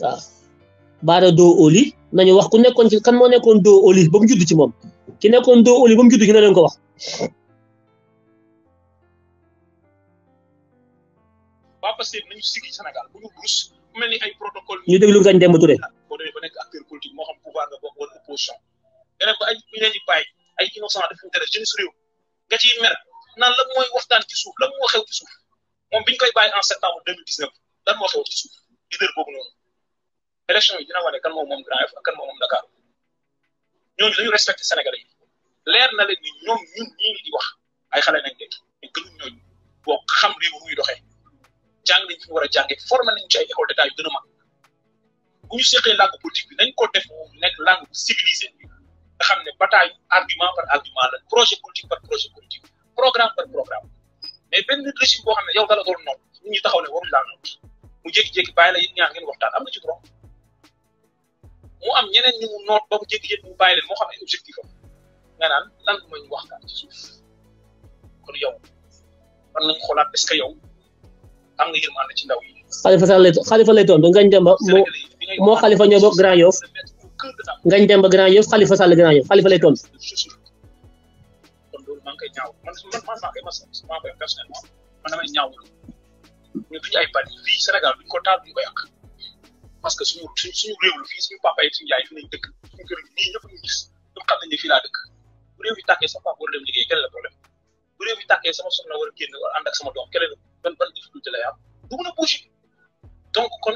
waaw baara doo oli nañu wax ku nekkoon ci kan moo nekkoon doo oli ba mu ci moom ki nekkoon doo oli ba mu na leen ko wax waa Pastef nañu sigi Sénégal ñu rus mel Demba Touré politique moo xam pouvoir nga bokk wala opposition nga dem ba ay ñu leen di bàyyi ay innocent def intérêt jeunesse réew nga ciy mer naan lan mooy waxtaan ci suuf lan xew ci suuf moom bi koy bàyyi en septembre deux mille dix neuf moo xew ci suuf leader boobu noonu élection yi dina wane kan moom Grand Yoff ak kan moo moom Dakar ñooñu dañu respecté Sénégalais leer na leen ni ñoom di wax ay xale nañ de ñu gënuñ ñooñu boo xam réew mi muy doxee jàng nañ fi mu war a jàngee formé nañ ci ay école d'état yu gën a bu ñu seqee langue politique bi nañ ko def nekk langue civilisée bi nga xam ne bataille argument par argument la projet politique par projet politique programme par programme mais benn régime boo xam ne yow dala doon noot nit ñi taxaw ne waruñu laa noot mu jékki-jékki bàyyi la yéen ñaar ngeen waxtaan am na ci borom mu am ñeneen ñu mu noot ba mu jékki-jékki mu bàyyi leen am nga lan mooy ñu waxtaan ci suuf kon yow war nañu xoolaat est-ce que yow am nga yërmande ci ndaw yi. xalifa lay tontu xalifa lay tontu ngañ dem ba mu. mo khalifa ñoo bok Grand Yoff ngañ dem ba Grand Yoff khalifa Sall Grand Yoff khalifa lay toll. parce que suñu suñu suñu papa yi suñu yaay fi dëkk kër ñëpp ñu gis ñu xam dëkk bu yi papa dem liggéey kenn la problème bu yi sama soxna génn ak sama doom ban ban difficulté la du bouger donc kon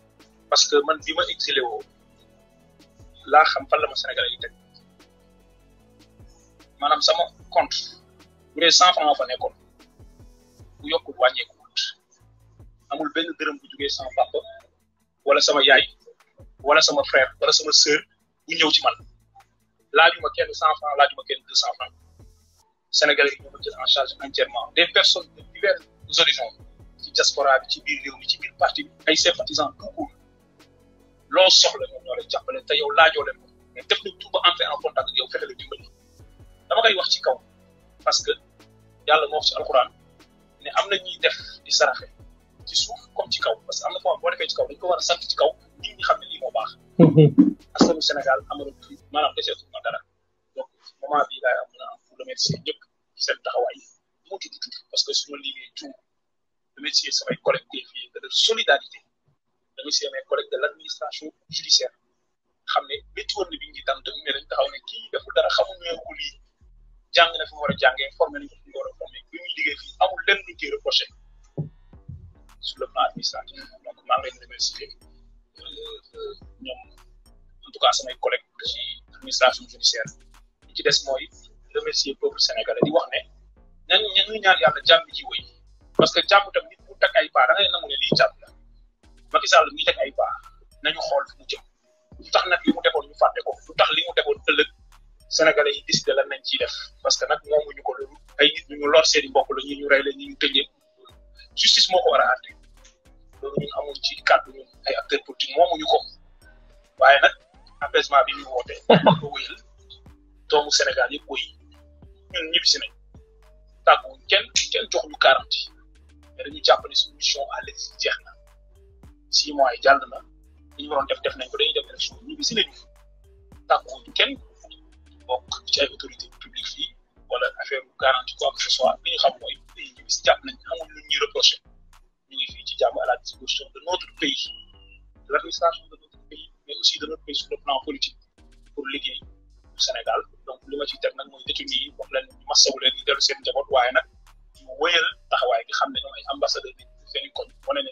parce que man bi ma exilé woo laa xam fan la ma Sénégalais yi teg maanaam sama compte bu dee cent franc fa nekkoon bu yokkul wàññeeku wut amul benn dërëm bu jugee sama wala sama yaay wala sama frère wala sama sœur bu ñëw ci man laajuma kenn cent franc laajuma kenn deux cent franc Sénégalais jël en charge des personnes de divers horizons ci diaspora bi ci biir ci biir parti bi ay sympathisants tout loo soxla ñoom ñoo lay te yow laajoo leen ko mais def nañ tout ba en contact ak yow fexe la dimbali dama koy wax ci kaw parce que yàlla moo wax ci alxuraan ne am na ñuy def di saraxe ci suuf comme ci kaw parce que am na foo boo defee ci kaw dañ ko war a ci kaw nit xam ne lii moo baax. Mm-hmm. askanu Sénégal amaloon tuuti maanaam deseetu ma dara donc moment bii laay am seen taxawaay mu parce que su ma limee tout remercier solidarité. tamit seen ay collègues de l' administration judiciaire xam ne métti woon ya na biñ ci tànn tamit ne dañ taxaw ne kii dafa dara xamul ñëwul yi jàng na fi mu war formé nañ fi mu formé bi muy liggéey fii amul lenn lu reproché sur le plan administratif donc maa ngi di remercier ñoom en tout cas samay collègues ci administration judiciaire li ci des mooy remercier peuple sénégalais di wax ne ñan ñan ñu ñaan yàlla jàmm ji wëy parce que jàmm tam nit bu takk ay pas da ngay nangu ne lii jàmm Macky Sall mi teg ay baax nañu xool fu mu tax nag li mu defoon ñu fàtte ko lu tax li mu defoon ëllëg sénégalais yi décidé nañ ci def parce que nag moomuñu ko loolu ay nit ñu lor seen i mbokk la ñu ñu rey la ñu ñu tëjee justice moo war a àtte loolu ñun amuñ ci kàddu ñun ay acteurs politiques moomuñu ko waaye nag apaisement bi ñu woote ko wéyal Sénégal yëpp wéy ñun ñibbisi nañ tàgguwuñ kenn kenn joxuñu garantie mais dañu jàpp ne jeex na six mois yi jàll na li ñu waroon def def nañ ko dañuy dem élection ñu ngi si la ñu tàkkuwuñu kenn bokk ci ay autorité publique fii wala affaire bu garantie quoi que ce soit li xam mooy pays ñu ngi si jàpp nañ amul lu ñu ngi fii ci jàmm la disposition de notre pays de l' administration de notre pays mais aussi de notre pays sur le plan politique pour liggéey Sénégal donc li ma ciy teg nag mooy détenu yi wax leen masawu leen ñu dellu seen njaboot waaye nag ñu wëyal taxawaay gi xam ne ñoom ay ambassadeur bi seen i koñ wane ne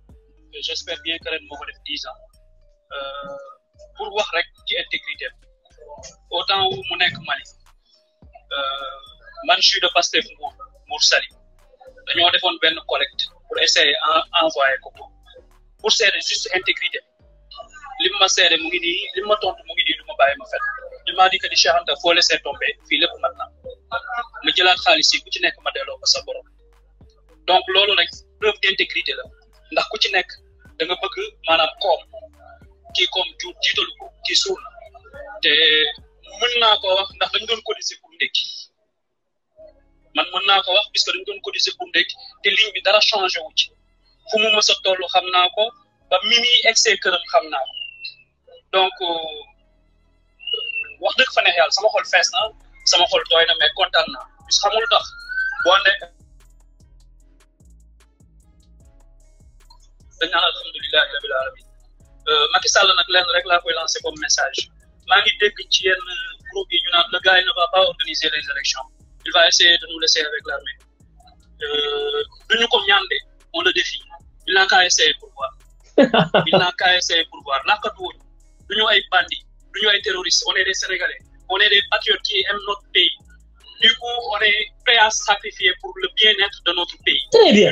j'espère bien que ren moo ko def dix ans euh, pour wax rek ci intégrité au temps mu nekk Mali euh, man je suis de Pastef Mbour Mbour Sali dañoo defoon benn collecte pour essayer envoyer ko ko pour seede juste intégrité li ma seede mu ngi nii li ma tontu mu ngi nii du ma bàyyi ma fet il m'a dit di Cheikh Anta foo laisser tomber fii lépp ma jëlaat xaalis yi ku ci nekk ma delloo ko sa loolu rek preuve d'intégrité la ndax ku ci nekk da nga bëgg maanaam koom ki koom ju jiitalu ko kii suul te mën naa ko wax ndax dañ doon cotiser pour ndékki man mën naa ko wax puisque dañ doon cotiser pour ndékki te ligne bi dara changé wu ci fu mu mës a xam naa ko ba mi muy këram xam naa ko donc euh, wax dëgg fa neex yàlla sama xol fees na sama xol tooy na mais kontaan naa puisque xamul dañ naan alhamdulilah rabil alamin euh, Macky Sall nag lenn rek laa koy comme message maa ngi dégg ci yenn groupe yi ñu naan le gars ne va pas organiser les élections il va essayer de nous laisser avec l'armée Nous, comme ko ñaan on le défie il n'a qu'à essayer pour voir il n'a qu'à essayer pour voir Nous sommes ay bandits nous ay terroristes on est des sénégalais on est des patriotes qui aiment notre pays du coup on est prêt à sacrifier pour le bien-être de notre pays. très bien.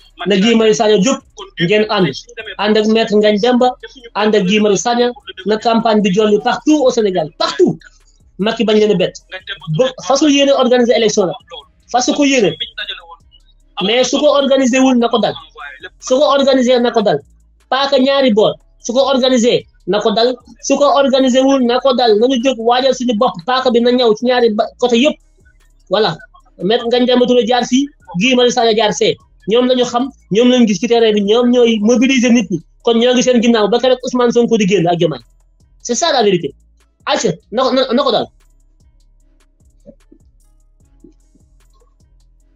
na Guy Marius Sagna jub ngeen ànd metre ak maître Ngagne Demba ànd ak Guy Marius Sagna na campagne bi jolli partout au Sénégal partout Macky bañ leen a bett ba fasul yéene organiser élection la fasu ko yéene mais su ko organiser wul na ko dal su ko organiser na ko dal paaka ñaari boor su ko organiser na ko dal su ko organiser wul na ko dal nañu jóg waajal suñu bopp paaka bi na ñëw ci ñaari côté yëpp voilà maître Ngagne Demba Touré jaar fii Guy Marius Sagna jaar see ñoom lañu xam ñoom la gis ci terrain bi ñoom ñooy mobiliser nit ñi kon ñoo ngi seen ginnaaw ba keroog Ousmane Sonko di génn ak Diomaye c'est ça la vérité acca na ko na ko daal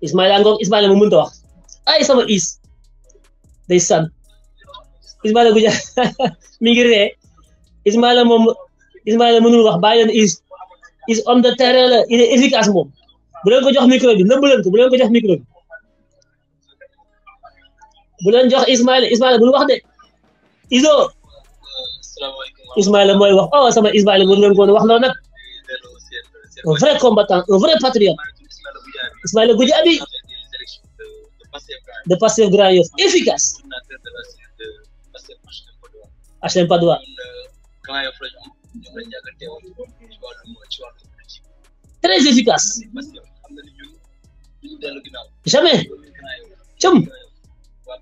Ismaïla Ngom Ismaïla mu wax ay sama is day sànn Ismaïla Goudia mi ngi ree Ismaïla moom Ismaïla mënul wax bàyyi leen is is homme de terrain la il est efficace moom bu leen ko jox micro bi nëbb leen ko bu leen ko jox micro bu leen jox Ismaïla Ismaïla bul wax de Izo Ismaïla wax oh sama Ismaïla bu leen wax noonu nag un vrai combattant un vrai patriote Ismaïla de Pastef Grand Yoff efficace HLM Patte d'Oie très efficace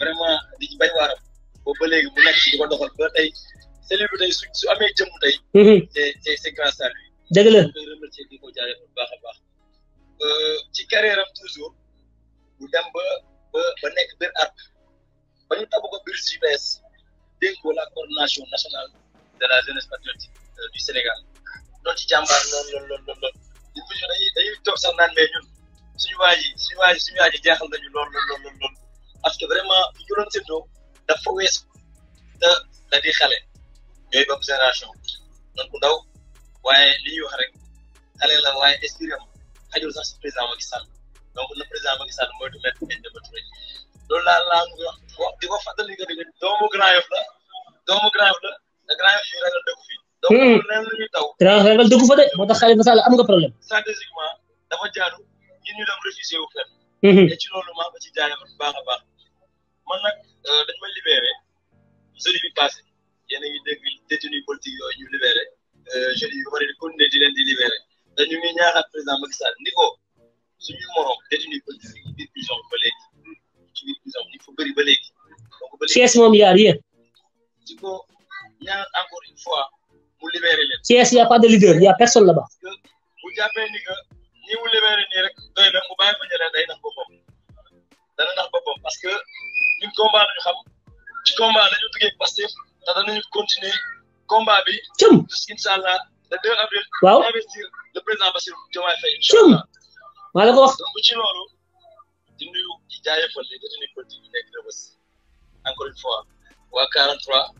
vraiment di ci bañ waaram boobu ba léegi mu nekk ci di ko doxal ba tey célébrité su su amee jëmm tey. c'est mhm. c'est c'est grâce à lui. dëgg la koy remercier di ko jaaree bu baax a baax. Euh, ci carrière am toujours bu dem ba ba ba nekk biir art ba ñu tabb ko biir JPS dénk ko la coordination nationale de la jeunesse patriotique euh, du Sénégal doon ci jàmbaar lool lool lool lool lool. ñun dañuy dañuy toog sax naan mais ñun suñu waa ji suñu waa ji suñu waa nañu lool lool lool lool. parce que vraiment li ñu doon séddoo dafa weesu te da di xale ñooy ndaw waaye li ñuy xale la waaye expérience xajul sax président Macky Sall donc na président Macky Sall mooy du mel ni Demba Touré loolu laa laa wax wax di ko fàttali nga dégg doomu Grand Yoff la doomu Grand Yoff la te Grand Yoff yi ragal dëkku fi. donc hmm. problème. stratégiquement dafa jaadu ñun ñu dem réfugié wu fenn. Hmm. te ci loolu maa ngi ko ci a man nag euh, dañ ma libéré jeudi bi passé yéen a ngi dégg détenu politique yooyu ñu libéré euh, jeudi bi bari kon di leen di libéré dañu euh, ngi ñaaxaat président Macky Sall ni ko suñu morom détenu politique yi biir prison ba léegi ci biir prison ni fa bëri ba léegi donc ba léegi Thiès moom yaar yéen di ko ñaan encore une fois mu libéré leen Thiès y a pas de leader y a personne là-bas bu jàppee ni que ni mu libéré nii rek doy na mu bàyyi fa ñëleen day nax boppam dana nax boppam parce que ñun combat lañu xam ci combat lañu duggee Pastef te danañu continuer combat bi. cëm incha allah de 2 avril. waaw investir le président Bassirou Diomaye Faye. incha allah maa la ko wax. donc ci loolu di nuyu di jaajëfal les encore une fois waa 43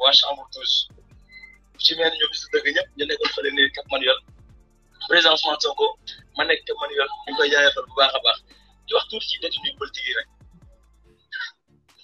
waa chambre 12 ci mel ñoom bisu dëgg ñëpp ñu nekkoon fële ni Manuel président Ousmane ma nekk Cap Manuel ñu koy jaajëfal bu baax a baax di wax tuuti ci rek.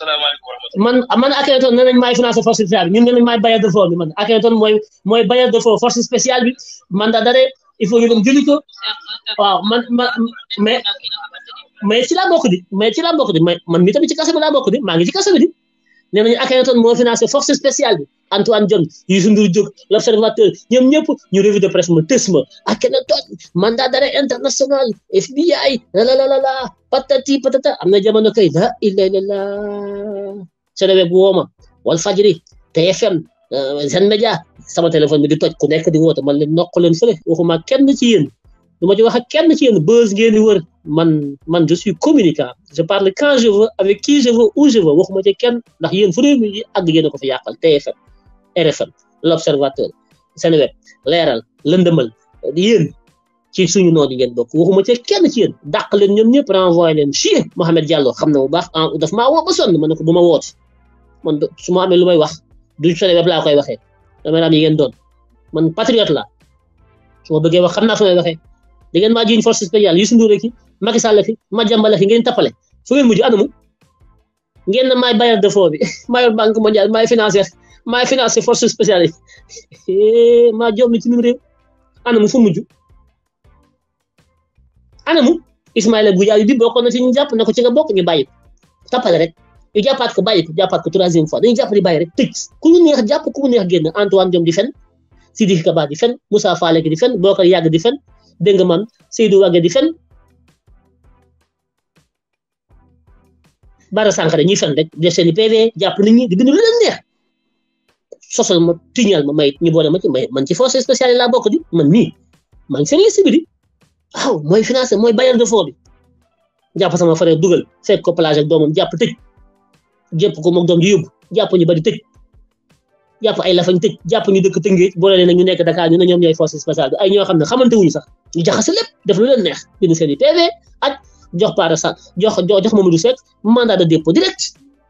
salaamaaleykum man man Akhenaton nee nañ maay financé force spéciale bi ñun nee nañ maay bailleur de fonds bi man Akhenaton mooy mooy bailleur de fonds force spéciale bi mandat d'arrêt il faut ñu dem jëli ko waaw man ma mais mais ci laa bokk di mais ci laa bokk di mais man mii tamit ci kaso bokk di maa ngi ci kaso bi di nee nañu Akhenaton moo financé force spéciale bi Antoine Diome Youssou Ndour jóg l' observateur ñoom ñëpp ñu revue de presse ma tës ma ak kenn tooj mandat d'arrêt international FBI lalalala patati patata am na jamono kay la illah illah Seneweb woo ma Walfadjri TFM euh, Sen Média sama téléphone bi i toj ku nekk di woote man leen nokk leen fële waxuma kenn ci yéen du ma ci kenn ci yéen buzz ngeen di wër man man je suis communicant je parle quand je veux avec qui je veux où je ci kenn ndax yéen fu réew mi àgg yéen a ko fi yàqal TFM. RFM l'observateur Seneweb leeral lëndëmal yéen ci suñu noonu ngeen bokk waxuma ci kenn ci yéen dàq leen ñoom ñëpp renvoyé leen chier Mohamed Diallo xam ne bu baax en daf maa woo ba sonn ma ne ko du ma woote man su ma amee lu wax du Seneweb laa koy waxee damay naan yi ngeen doon man patriote la su ma bëggee wax xam naa fu may waxee da ngeen maa jiiñ force spéciale Youssou Ndour ki Macky Sall fi Madiambal la fi ngeen tappale fu ngeen mujj anamu ngeen na maay bailleur de bi maay banque maay financé force spéciale eh, yi maa jommi ci mim ana anamu fu mujj anamu Ismaïla Goudiaby bi bokkoon na ci ñu japp na ko ci nga bokk ñu bayyi ko rek ñu jappat ko bayyi ko jàppaat ko troisième fois dañu japp di bayyi rek tëj ku ñu neex japp ku mu neex genn Antoine jom di fen sidik Kaba di fen Moussa fallé di fen Bokar yag di fen deng man Seydou Wagge di fen Bara Sankare ñuy fen rek de seeni PV japp nit ñi di bind lu neex sosal ma tiñal ma may ñu boole ma man ci force spéciale laa bokk di man mii man seen liste bi waaw mooy financé mooy bailleur de fonds bi jàpp sama frère dugal fekk ko plage ak doomam jàpp tëj jëpp ko moog doom ji yóbbu jàpp ñu bari tëj jàpp ay lafañ tëj jàpp ñu dëkk Tëngéej boole leen ñu nekk Dakar ñu ne ñoom ñooy force spéciale bi ay ñoo xam ne xamante wuñu sax ñu lépp def lu leen neex bind seen i PV ak jox sax jox jox Mamadou Seck mandat de dépôt direct.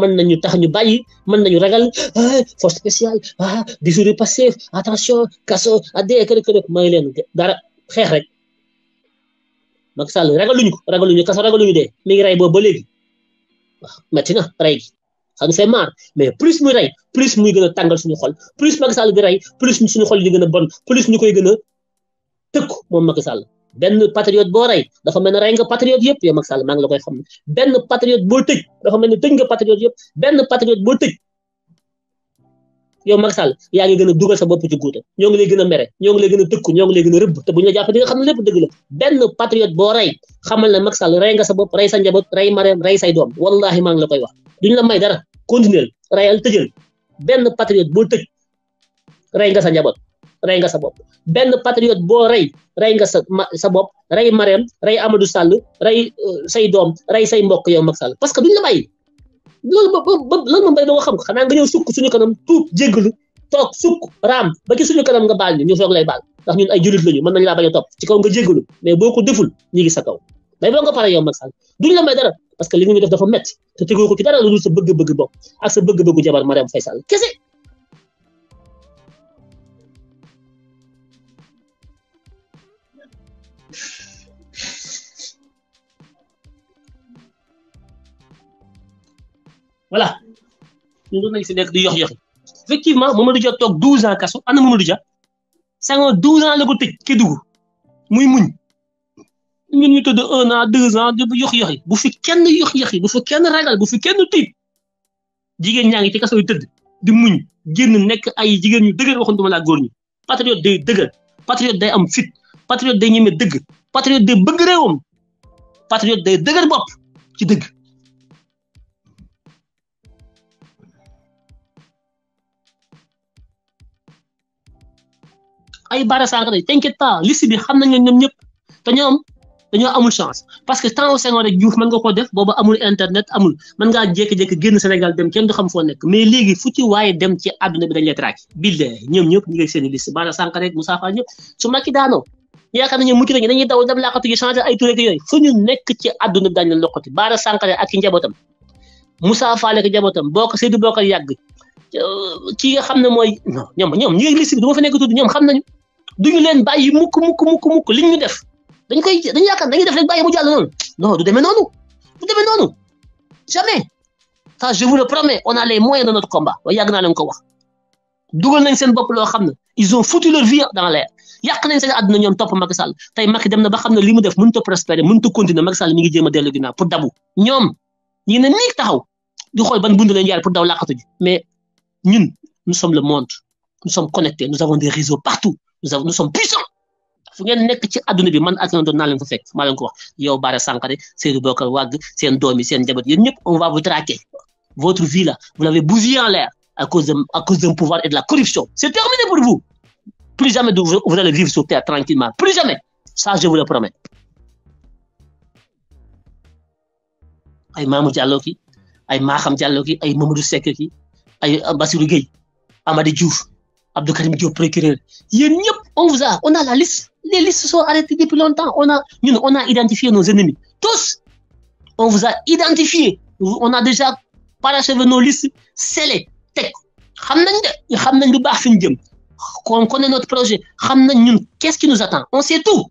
man nañu tax ñu bàyyi mën nañu ragal ah force spéciale ah dissoudre Pastef attention adé addee ah, kër kër may leen dara xex rek mak Sall ragaluñu ko ragaluñu kaso ragaluñu dé mi ngi ray bo ba légui waaw metti na ray gi xam sé mar mais plus muy ray plus muy gëna tangal suñu xol plus mak Sall di ray plus suñu xol di gëna bon plus ñukoy gëna tekk mom mak Sall benn patriot boo rey dafa mel ne rey nga patriote yëpp yow Macky Sall maa ngi la koy xam benn patriote boo tëj dafa mel ne tëj nga patriote yëpp benn patriote boo tëj yow Macky Sall yaa ngi gën a dugal sa bopp ci guuta ñoo ngi lay gën a mere ñoo ngi lay gën a tëkku ñoo ngi lay gën a rëbb te bu ñu jàpp di nga xam ne lépp dëgg la benn patriote boo rey xamal ne rey nga sa bopp rey sa njaboot rey mareem rey say doom wallahi maa ngi la koy wax duñ la may dara continuel reyal tëjal benn patriote boo tëj rey nga sa njaboot rey nga sa bopp benn patriote boo rey Ray nga sa sa bopp rey Marème Amadou Sall Ray uh, say doom rey say Mbok yow Macky Sall parce que duñ la bàyyi loolu ba ba loolu moom bay do xam xana nga ñew sukk suñu kanam tuub jéggalu tok sukk ram ba ci suñu kanam nga bal ñu sok lay bal. ndax ñun ay jullit lañu mën nañ la bañ top. ci kaw nga jéggalu mais boko deful ñi ngi sa kaw bay bo nga paré yow Macky Sall duñ la may dara parce que li ñu def dafa metti te tegoo ko ci dara lu dul sa bëgg-bëgg bok ak sa bëgg-bëggu jabar Marem Faisal. Kessé voilà ñun doon nañu si nekk di yox yoxi effectivement Mamadou Dia toog 12 ans kaso ana Mamadou Dia Senghor 12 ans la ko tëj Kédougou muy muñ ñun ñu tëdd un an deux ans di yox yoxi bu fi kenn yox yoxi bu fi kenn ragal bu fi kenn tiit jigéen ñaa ngi ci kaso yu tëdd di muñ génn nekk ay jigéen ñu dëgër waxoon duma laa góor ñi patriote day dëgër patriote day am fit patriote day ñeme dëgg patriote day bëgg réewam patriote day dëgër bopp ci dëgg ay Bara Sakho lañ t'inquiète pas liste bi xam nañ ne ñoom ñëpp te ñoom dañoo amul chance parce que temps Senghor rek Diouf mën nga ko def booba amul internet amul mën ngaa jékki-jékki génn Sénégal dem kenn du xam foo nekk mais léegi fu ci waaye dem ci àdduna bi dañ lay traqué bildee ñoom ñëpp ñu ngi seen i liste Bara Sakho rek Moussa Fall ñëpp su Macky daanoo yaakaar nañu mucc nañu dañuy daw dem laqatu ji changé ay tur ak yooyu fu ñu nekk ci àdduna bi daañu leen loqati Bara Sakho ak i njabootam Moussa Fall ak njabootam boo ko Seydou boo ko yàgg ki nga xam ne mooy non ñoom ñoom ñu ngi liste bi du ma fa nekk tudd ñoom xam nañu duñu leen bàyyi mukk mukk mukk mukk liñ ñu def dañ koy dañu yaakaar dañuy def rek bàyyi mu jàll noonu non du demee noonu du demee noonu jamais ça je vous le promets on a les moyens de notre combat waaye yàgg naa leen ko wax dugal nañ seen bopp loo xam ne ils ont foutu leur vie dans l'air yàq nañ seen àdduna ñoom topp Macky Sall tey Macky dem na ba xam ne li mu def mënut a prospérer mënut a continuer Macky Sall mi ngi jéem a dellu ginnaaw pour dabu ñoom ñu ngi ne nii taxaw di xool ban bund lañ jaar pour daw làqatu ji mais ñun nous sommes le monde nous sommes connectés nous avons des réseaux partout nous avons nous sommes puissants fu ngeen nekk ci adduna bi man ak yoon doon naa leen fa fekk maa leen ko wax yow Bara Sankaré Seydou Bokar Wagg seen doom yi seen njaboot yéen ñëpp on va vous traquer votre vie là vous l'avez bousillé en l'air à cause de à cause d'un pouvoir et de la corruption c'est terminé pour vous plus jamais vous, allez vivre sur terre tranquillement plus jamais ça je vous le promets ay Mamadou Diallo ki ay Maham Diallo ki ay Mamadou Seck ki ay Bassirou Gueye Amady Diouf Abdou Karim Diop procureur on vous a on a la liste les listes sont arrêtées depuis longtemps on a on a identifié nos ennemis tous on vous a identifié on a déjà parachevé nos listes scellées tech, on connaît notre projet qu'est-ce qui nous attend on sait tout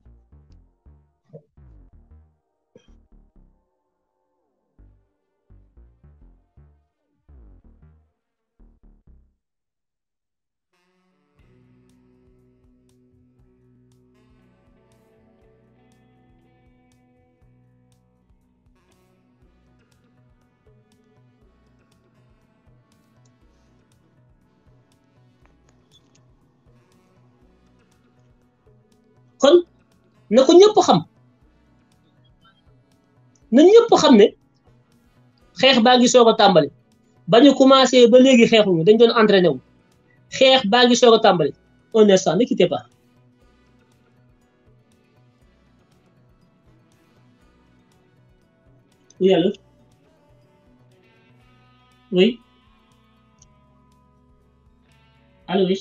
kon ne ko ñëpp xam na ñëpp xam ne xeex baa ngi soog a tàmbali ba ñu commencé ba léegi xeexu xeexuñu dañ doon entraîné wu xeex baa ngi soog a tàmbali un instant ne quittez pas yàlla oui allo oui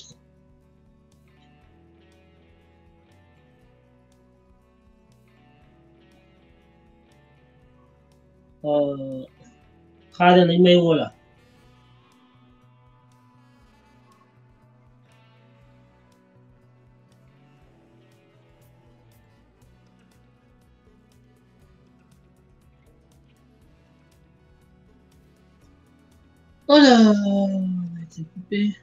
呃，他在那买屋了？哦，这边。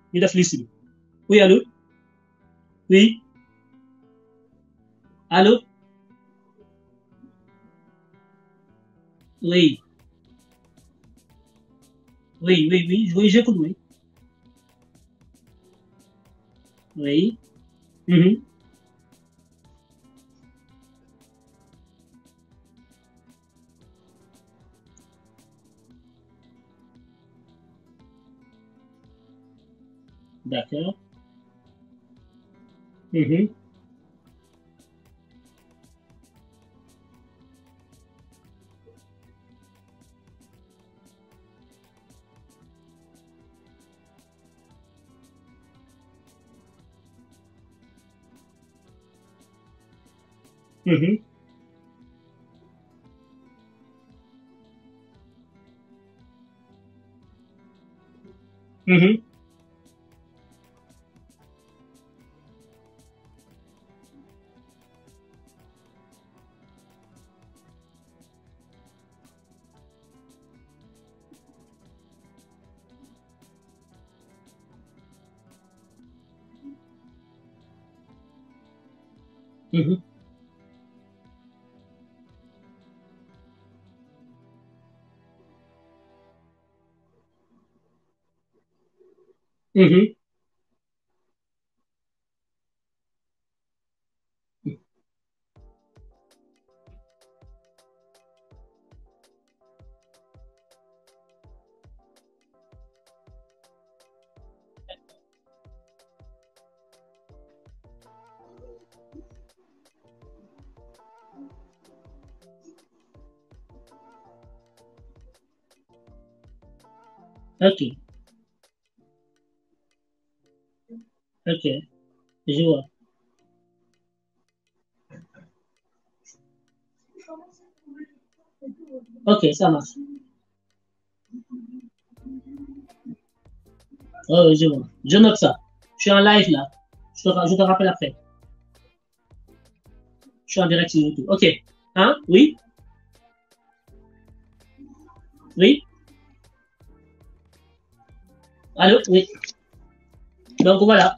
ñu def liste oi alô oi alô oi oi oi oi oi oi, oi, oi oi oi, hmm back out. mm Mm-hmm. Mm-hmm. mm-hmm. Mm-hmm. Okay. Ok, ça marche. Oh, je vois. Je note ça. Je suis en live là. Je te, je rappelle après. Je suis en direct sur YouTube. Ok. Hein? Oui? Oui? Allô? Oui. Donc voilà.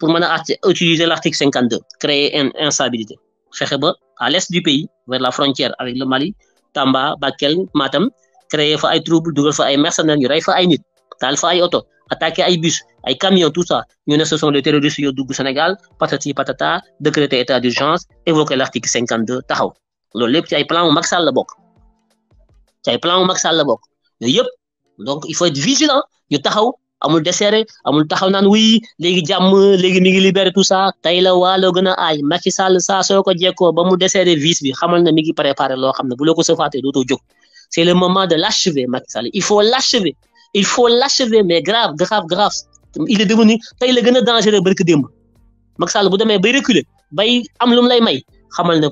pour mën utiliser l'article 52 créer une instabilité fexe à l'est du pays vers la frontière avec le Mali Tamba Bakel Matam créer fa ay trouble fa mercenaires des rey fa ay attaquer ay bus ay camions tout ça Nous, ce sont les terroristes du Sénégal patati patata décréter état d'urgence évoquer l'article 52 taxaw Le lépp ci ay plan au Macky Sall la plan au Macky Sall la donc il faut être vigilant ñu taxaw amul desserré amul taxaw naan wuy léegi jàmm léegi mi ngi libéré tout ça tay la waaloo gën a Macky Sall saa soo ko ba mu desserré vis bi xamal na mi ngi préparer lo xam bu lako ko sofaatee dootoo c'est le moment de l'achever Macky Sall il faut l'achever il faut l'achever mais grave grave grave il est devenu tay la gëna dangereux barki démb Macky Sall bu démé bay reculer bay am lu lay may xamal na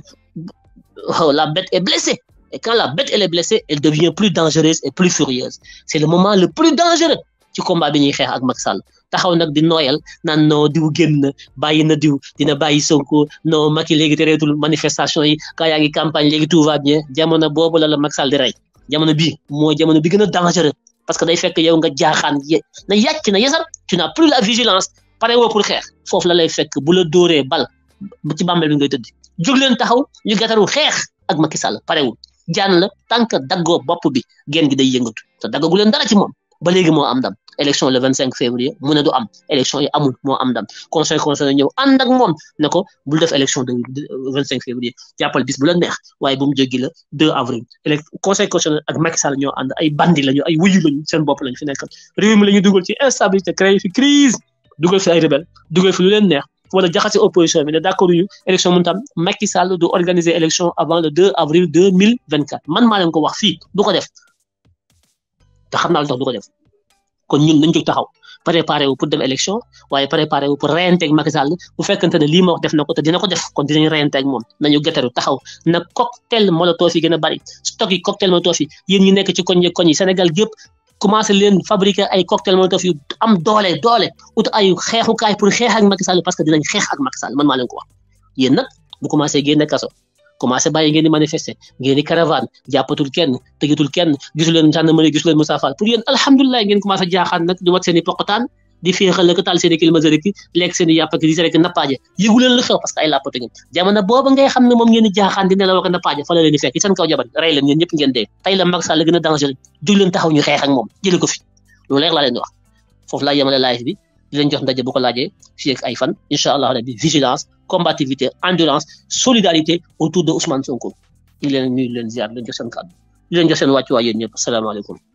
oh, la bête est blessée et quand la bête elle est blessée elle devient plus dangereuse et plus furieuse c'est le moment le plus dangereux ci combat bi ñuy xeex ak Macky Sall taxaw nag di nooyal naan noo diw génn na bàyyi na diw dina bàyyi Sonko noo Macky léegi tereetul manifestation yi kaa yaa ngi campagne léegi tout va bien jamono boobu la la Macky Sall di rey jamono bii moo jamono bi gën a dangereux parce que day fekk yow nga jaaxaan na yàcc na yesar tu n'as plus la vigilance pare woo pour xeex foofu la lay fekk bu la dóoree bal ci bàmbeel bi ngay tëdd jóg leen taxaw ñu gàttaru xeex ak Macky Sall parewul jaan la tant que daggoo bopp bi genn gi day yëngatu te daggagu leen dara moom ba léegi moo am ndam élection le 25 février mu ne du am élection yi amul moo am ndam conseil conseil ñëw ànd ak moom ne ko bul def élection de 25 février jàppal bis bu la neex waaye bu mu jéggi la 2 avril élec conseil constitutionnel ak Macky Sall ñoo ànd ay bandi lañu ay wuyu lañu seen bopp lañu fi nekkal réew mi lañu dugal ci instabilité créé fi crise dugal fi ay rebelle dugal fi lu leen neex wala jaxase opposition bi ne d'accord ñu élection mun tam Macky Sall du organiser élection avant le 2 avril 2024 man maa leen ko wax fii du ko def te xam naa lu tax du ko def kon ñun nañ jóg taxaw préparé wu pour dem élection waaye préparé wu pour reyante ak Macky Sall bu fekkente ne lii ma wax def ko te dina ko def kon dina reyante ak moom nañu gëtaru taxaw na cocktail molotov yi gën a bari stock yi cocktail molotov fi yéen ñu nekk ci koñ yi koñ yi Sénégal gépp commencé leen fabriquer ay cocktail molotov yu am doole doole ut ay xeexukaay pour xeex ak Macky parce que dinañ xeex ak Macky Sall man maa leen ko wax yéen nag bu commencé kaso commencé bàyyi ngeen di manifester ngeen di caravane jàppatul kenn tëjatul kenn gisu leen gendarmerie gisu leen musaafar pour yéen alhamdulilah ngeen commencé jaaxaan nag di wat seen i di féexal ak tal seen kilma climatiseur lek seen ak di rek nappaaje yëgu leen la xew parce que ay lapote ngeen jamana booba ngay xamne mom ngeen di jaaxaan di nelaw ak nappaaje fa la leen di fekk seen kaw jabar ray len ñeen ngeen de tay la mak Sall gëna danger du leen taxaw ñu xex ak mom jël ko fi lu rek la leen wax foofu laa yemale live bi di leen jox ndaje bu ko laaje fii ak ay fan inshallah allah rabbi vigilance combativité endurance solidarité autour de Ousmane Sonko est de ziar il est il